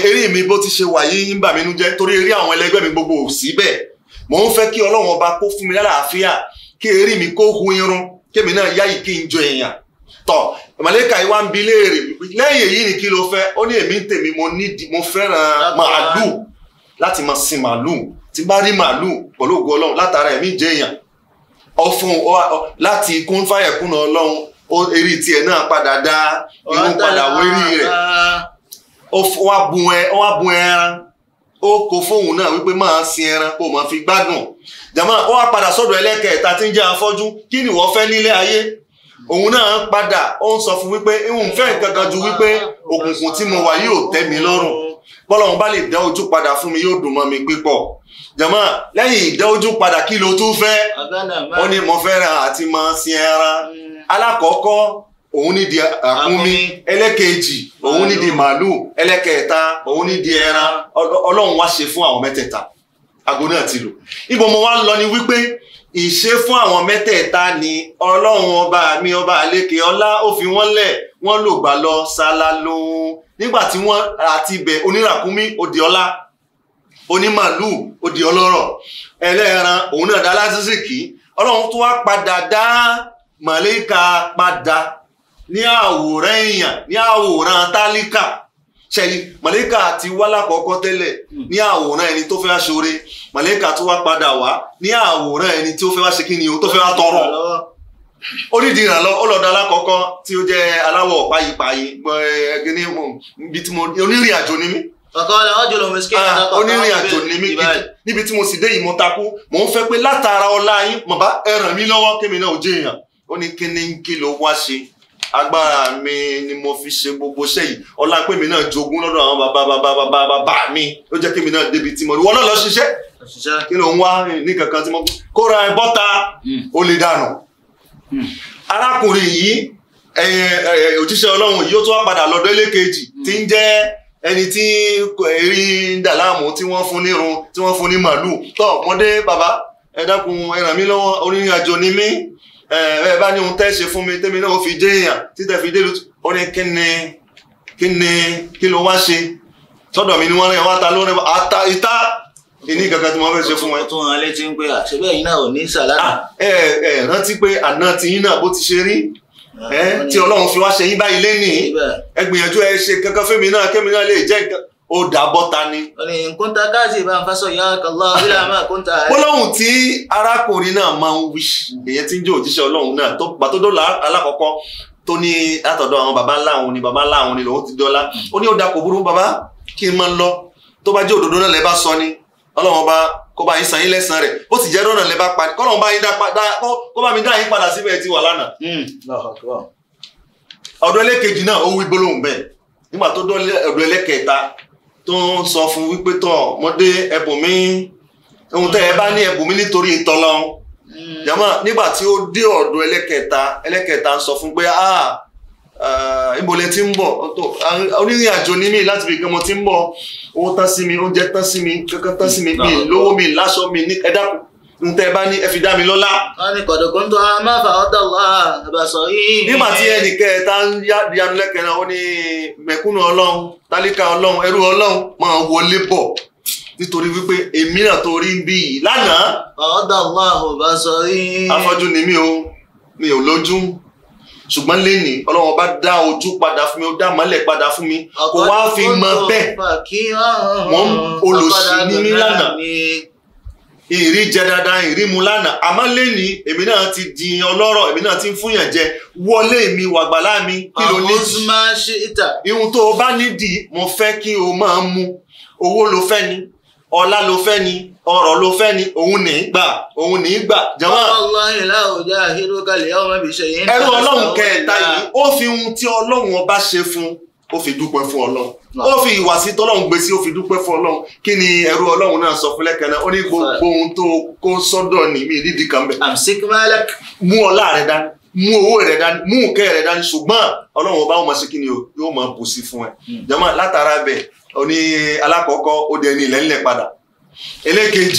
eré mi bó ti ṣe wà yìí ń bà mí nú jẹ́ torí eré àwọn ẹlẹgbẹ́ mi gbogbo ò sí mò ń fẹ́ kí ọlọ́run ọba kó fún mi lálàáfíà kí erí mi kó hu irun kémi náà yáyì kí n jọ èèyàn tọ màlẹ́kà yìí wá ń bi léèrè lẹ́yìn èyí ni kí ló fẹ́ ó ní èmi ń tèmi mo nídìí mo fẹ́ràn màálù láti máa sin màálù tí bá rí màálù pẹ̀lú ògo ọlọ́run látara ẹ̀mí jẹ́ èèyàn ọ̀fun láti kún fàyẹ̀kún ọlọ́run eré tiẹ̀ náà padà dá irun padà wérí rẹ̀ ó wá bun ẹran ó kó fóun náà wípé máa sin ẹran kó máa fi gbádùn jàmá ó wá padà sọ́dọ̀ ẹlẹ́kẹ̀ẹ́ta tí ń jẹ́ afọ́jú kí ni wọ́n fẹ́ nílé ayé òun náà ń padà ó ń sọ fún wípé ìhùn fẹ́ nǹkan kan ju wípé òkùnkùn tí mo wà yóò tẹ́ mi lọ́rùn bọ́lọ́run bá lè dá ojú padà fún mi yóò dùn mọ́ mi pípọ̀ jàmá lẹ́yìn ìdá ojú padà kí lo tún fẹ́ ó ní mo fẹ́ràn àti máa sin ẹran alákọ̀ọ́kọ́ òun ní di àkúnmí ẹlẹ́kẹ̀ẹ́jì òun ní di màálù ẹlẹ́kẹ̀ẹ́ta òun ní di ẹran ọlọ́run wá ṣe fún àwọn mẹ́tẹ̀ẹ̀ta ago náà ti lò ibo mo wá ń lọ ni wípé ìṣe fún àwọn mẹ́tẹ̀ẹ̀ta ni ọlọ́run ọba mi ọba àlékè ọlá ó fi wọ́n lẹ̀ wọ́n lò gbà lọ sálá lóhun nígbà tí wọ́n àti ibẹ̀ oníràkúnmí ó ọlá onímàálù ó ọlọ́rọ̀ ẹlẹ́ran òun náà dá lásìsìkì ọlọ́run tó wá padà dá màlẹ́kà padà ní àwòrán èèyàn ní àwòrán tálíkà ṣẹ̀yìn màlẹ́kà ti wá lákọ̀ọ́kọ́ tẹ́lẹ̀ hmm. ní àwòrán ẹni tó fẹ́ wá ṣoore màlẹ́kà tó wá padà wá ní àwòrán ẹni tó fẹ́ wá ṣe kí ni o tó fẹ́ wá tọrọ onídìí ìrànlọ ọlọ́dọ̀ alákọ̀ọ́kọ́ tí ó jẹ́ aláwọ̀ páyípáyí gíní ibi tí mo onírìn àjò ni mí. ọ̀kan ọ̀la ọ̀jọ̀ ló mẹ́sìkì ìdájọ́ onírìn àjò ni mí níbi tí mo sì dé yìí mo takú mò ń fẹ́ pé látara ọlá yín màbá ẹ ràn mí kémi náà ò jẹ́ èèyàn ó ní kíní kí ló wá ṣe agbára mi ni mo fi ṣe gbogbo iṣẹ́ yìí ọlá pé mi náà jogún lọ́dọ̀ àwọn bàbá bàbá bàbá bàbá mi ló jẹ́ kí mi náà débi tí mo rí wọn náà lọ ṣiṣẹ́ kí ló ń wá ní kankan tí mo kóra ẹ bọ́ta hmm. ó lè dànù hmm. arákùnrin yìí òjíṣẹ́ ọlọ́run yìí ó tún wá padà lọ́dọ̀ ẹlẹ́kejì hmm. tí ń jẹ́ ẹni tí erí ń tí wọ́n fún nírun tí wọ́n fún ní màálù tó wọ́n bàbá ẹ dákun ẹ ràn mí lọ́wọ́ onírìn àjò ni mí Eh, ẹ̀rẹ́ bá ní ohun tẹ́ ṣe fún mi tẹ́mi náà ó fi jẹ́ èèyàn títẹ̀ fi dé lu ó ní kí ni kí ni kí ló wá ṣe sọ́dọ̀ mi ni wọ́n rẹ̀ wá ta ló rẹ̀ ata ìta ìní kankan tí wọ́n fẹ́ ṣe fún wọn. tó hàn létí ń pé àṣebẹ́ yìí náà ò ní sàlárà. Ah, ẹ ẹ rántí pé àná ti yín náà bó ti ṣe rí ah, tí Ọlọ́run fi wá ṣe yín báyìí lé nìyí ẹ gbìyànjú ẹ ṣe kankan fún mi náà kémi náà lè jẹ́ nǹkan ó dàbọ̀ ta ni. ọ̀rìn kúńtà káàsì bá ń fásọ ìyá kọlọ ìlà máa kúńtà. gbólóhùn tí arákùnrin náà máa ń wí èyàn tí ń jẹ́ òjíṣẹ́ ọlọ́run náà tó gbà tó dọ́là alákọ̀ọ́kọ́ tó ní látọ̀dọ̀ àwọn baba ńlá òun ni baba ńlá òun ni lòun ti dọ́là ó ní ó dà kò baba kí n máa lọ tó bá jẹ́ òdodo náà lẹ́ bá sọ ni ọlọ́run bá kó bá yín san yín lẹ́sàn rẹ̀ bó sì jẹ́ rọ́nà lẹ́ bá pa kọ́lọ́run bá yín tó ń sọ fún wípé tọ̀ mọ́dé ẹ̀bùnmí ohun tẹ́ ẹ bá ní ẹ̀bùnmí nítorí ìtọ́lọ́hún mm. jàmọ́ nígbà tí ó dé ọ̀dọ̀ ẹlẹ́kẹta ẹlẹ́kẹta ń sọ fún pé ah ìbòlẹ̀ tí ń bọ̀ onírìn àjò ní mi láti fi gbọmọ tí ń bọ̀ owó tán sí mi oúnjẹ tán sí mi kankan tán sí mi mi lówó mi láṣọ mi ní ẹ̀dákùn ntẹ bá ní ẹ fi dá mi lọ́lá. wọ́n ní kọ̀dọ̀kún tó a máa fà ọ́dọ̀ wá àbàṣọ yìí. nígbà tí ẹnì kẹta ń yanu lẹ́kẹ̀ẹ́ náà ó ní mẹ̀kúnnù ọlọ́run tálíkà ọlọ́run ẹrú ọlọ́run máa wọlé bọ̀ nítorí wípé èmi náà tó rí ń bí yìí lánàá. ọ̀dọ̀ wá àbàṣọ yìí. afọ́jú ni mí o mi ò lójú ṣùgbọ́n lẹ́ni ọlọ́run bá dá ojú padà fún mi ó dá mọ́lẹ̀ padà fún mi kò wá fi mọ bẹ́ẹ̀ mọ́ olùsìn ní nílànà ìrí jẹ dandan ìrí mu lánàá àmọ́ lẹ́ni èmi náà ti di ọlọ́rọ̀ èmi náà ti ń fúnyàn jẹ wọlé mi wàgbàlá mi kí ló ní. àwọn máa ṣe ìta. ihun tó o bá nídìí mo fẹ́ kí o máa mu owó ló fẹ́ ni ọlá ló fẹ́ ni ọrọ̀ ló fẹ́ ni òun ní í gbà òun ní í gbà. jama ọlọ́run ìlà àhírò kalẹ̀ ọmọ mi ṣe yẹn. ẹrú ọlọ́run kẹta yìí ó fi ohun tí ọlọ́run ọba ṣe fún ó fi dúpẹ́ fún ọlọ́run ó fi ìwà sí tọ́lọ́hún gbé sí ó fi dúpẹ́ fún ọlọ́run kí ni ẹrú ọlọ́run náà sọ fún lẹ́kẹ̀ẹ́ náà ó ní gbogbo ohun tó kó sọ́dọ̀ ní mi nídìí kan bẹ́ẹ̀. àmsíkìmọ́lẹ́k. mú ọlá rẹ dání mú owó rẹ dání mú nǹkẹ́ rẹ dání ṣùgbọ́n ọlọ́run ọba ó máa ṣe kí ni o yóò máa bù sí fún ẹ. Hmm. jọmọ látara bẹ ọ ní alákọ̀ọ́kọ́ ó dẹni ilẹ̀ ńlẹ̀ padà ẹlẹ́kejì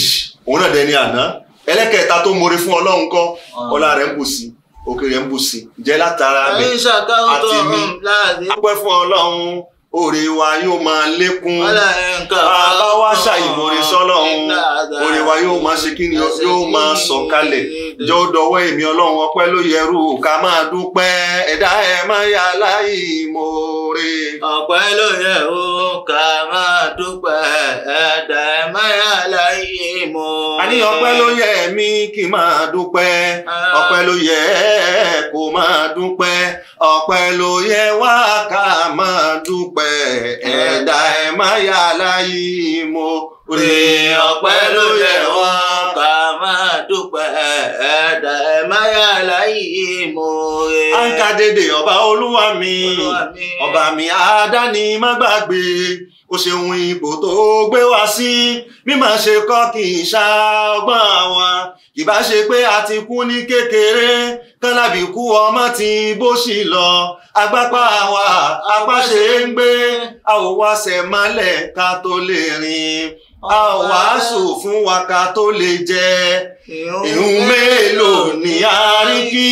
òrè wa yóò máa lékún bàbá wa ṣàyìnbóre sọ́lọ́run òrè wa yóò máa ṣe kíni yóò máa sọ̀kalẹ̀ jọ dọwọ́ èmi ọlọ́run ọpẹ́ ló yẹrù ká máa dúpẹ́ ẹ̀dá ẹ̀ máa yà láìmoore. ọpẹ́ ló yẹrù ká máa dúpẹ́ ẹ̀dá ẹ̀ máa yà láìmoore. àní ọpẹ́ ló yẹ mí kí máa dúpẹ́ ah. ọpẹ́ ló yẹ kó máa dúpẹ́ ọpẹ́ ló yẹ wá ká máa dúpẹ́ ẹ̀dá ẹ̀ má yà láyé mo rè ọpẹ́ ló yẹ wá ká máa dúpẹ́ ẹ̀dá ẹ̀ má yà láyé mo rè. dédé ọba olúwa mi ọba mi àdáni má gbàgbé ó ṣeun ìbò tó gbé wá sí bí màá ṣe kọ́ kì í ṣá ọgbọ́n wa ìbá ṣe pé a ti kú ní kékeré kálábì kú ọmọ tí bó ṣì lọ agbápá wa apá ń gbé a ò wá ṣẹ̀ mọ́lẹ̀ ká tó lè rìn a ò wá sò fún wa ká tó lè jẹ ìhun mélòó ni a rí kí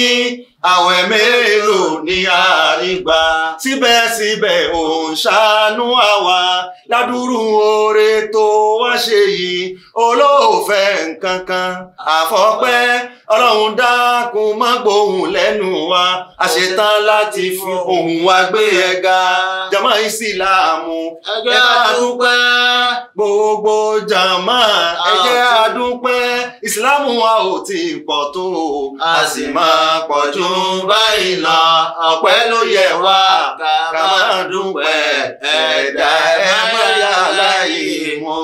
àwẹ̀ mélòó ni a rí gbà síbẹ̀síbẹ̀ ò ń ṣàánú àwa ládùúrú oore tó wá ṣe yìí olóòfẹ́ nǹkan àfọ́pẹ́ ọlọ́run dákun má gbóhùn lẹ́nu wa a ṣetán láti fi ohùn wa gbé ẹ jama ìsìláàmù ẹ jẹ́ a dúpẹ́ gbogbo jama ẹ jẹ́ a dúpẹ́ ìsìláàmù wa ò tí ì pọ̀ tó a sì máa pọ̀ jù báyìí lọ ọpẹ́ ló yẹ wá ká máa dúpẹ́ ẹ̀dá ẹ̀ mọ́ yàrá yìí mo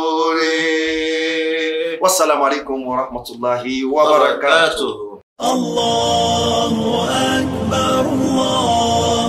والسلام عليكم ورحمة الله وبركاته الله أكبر الله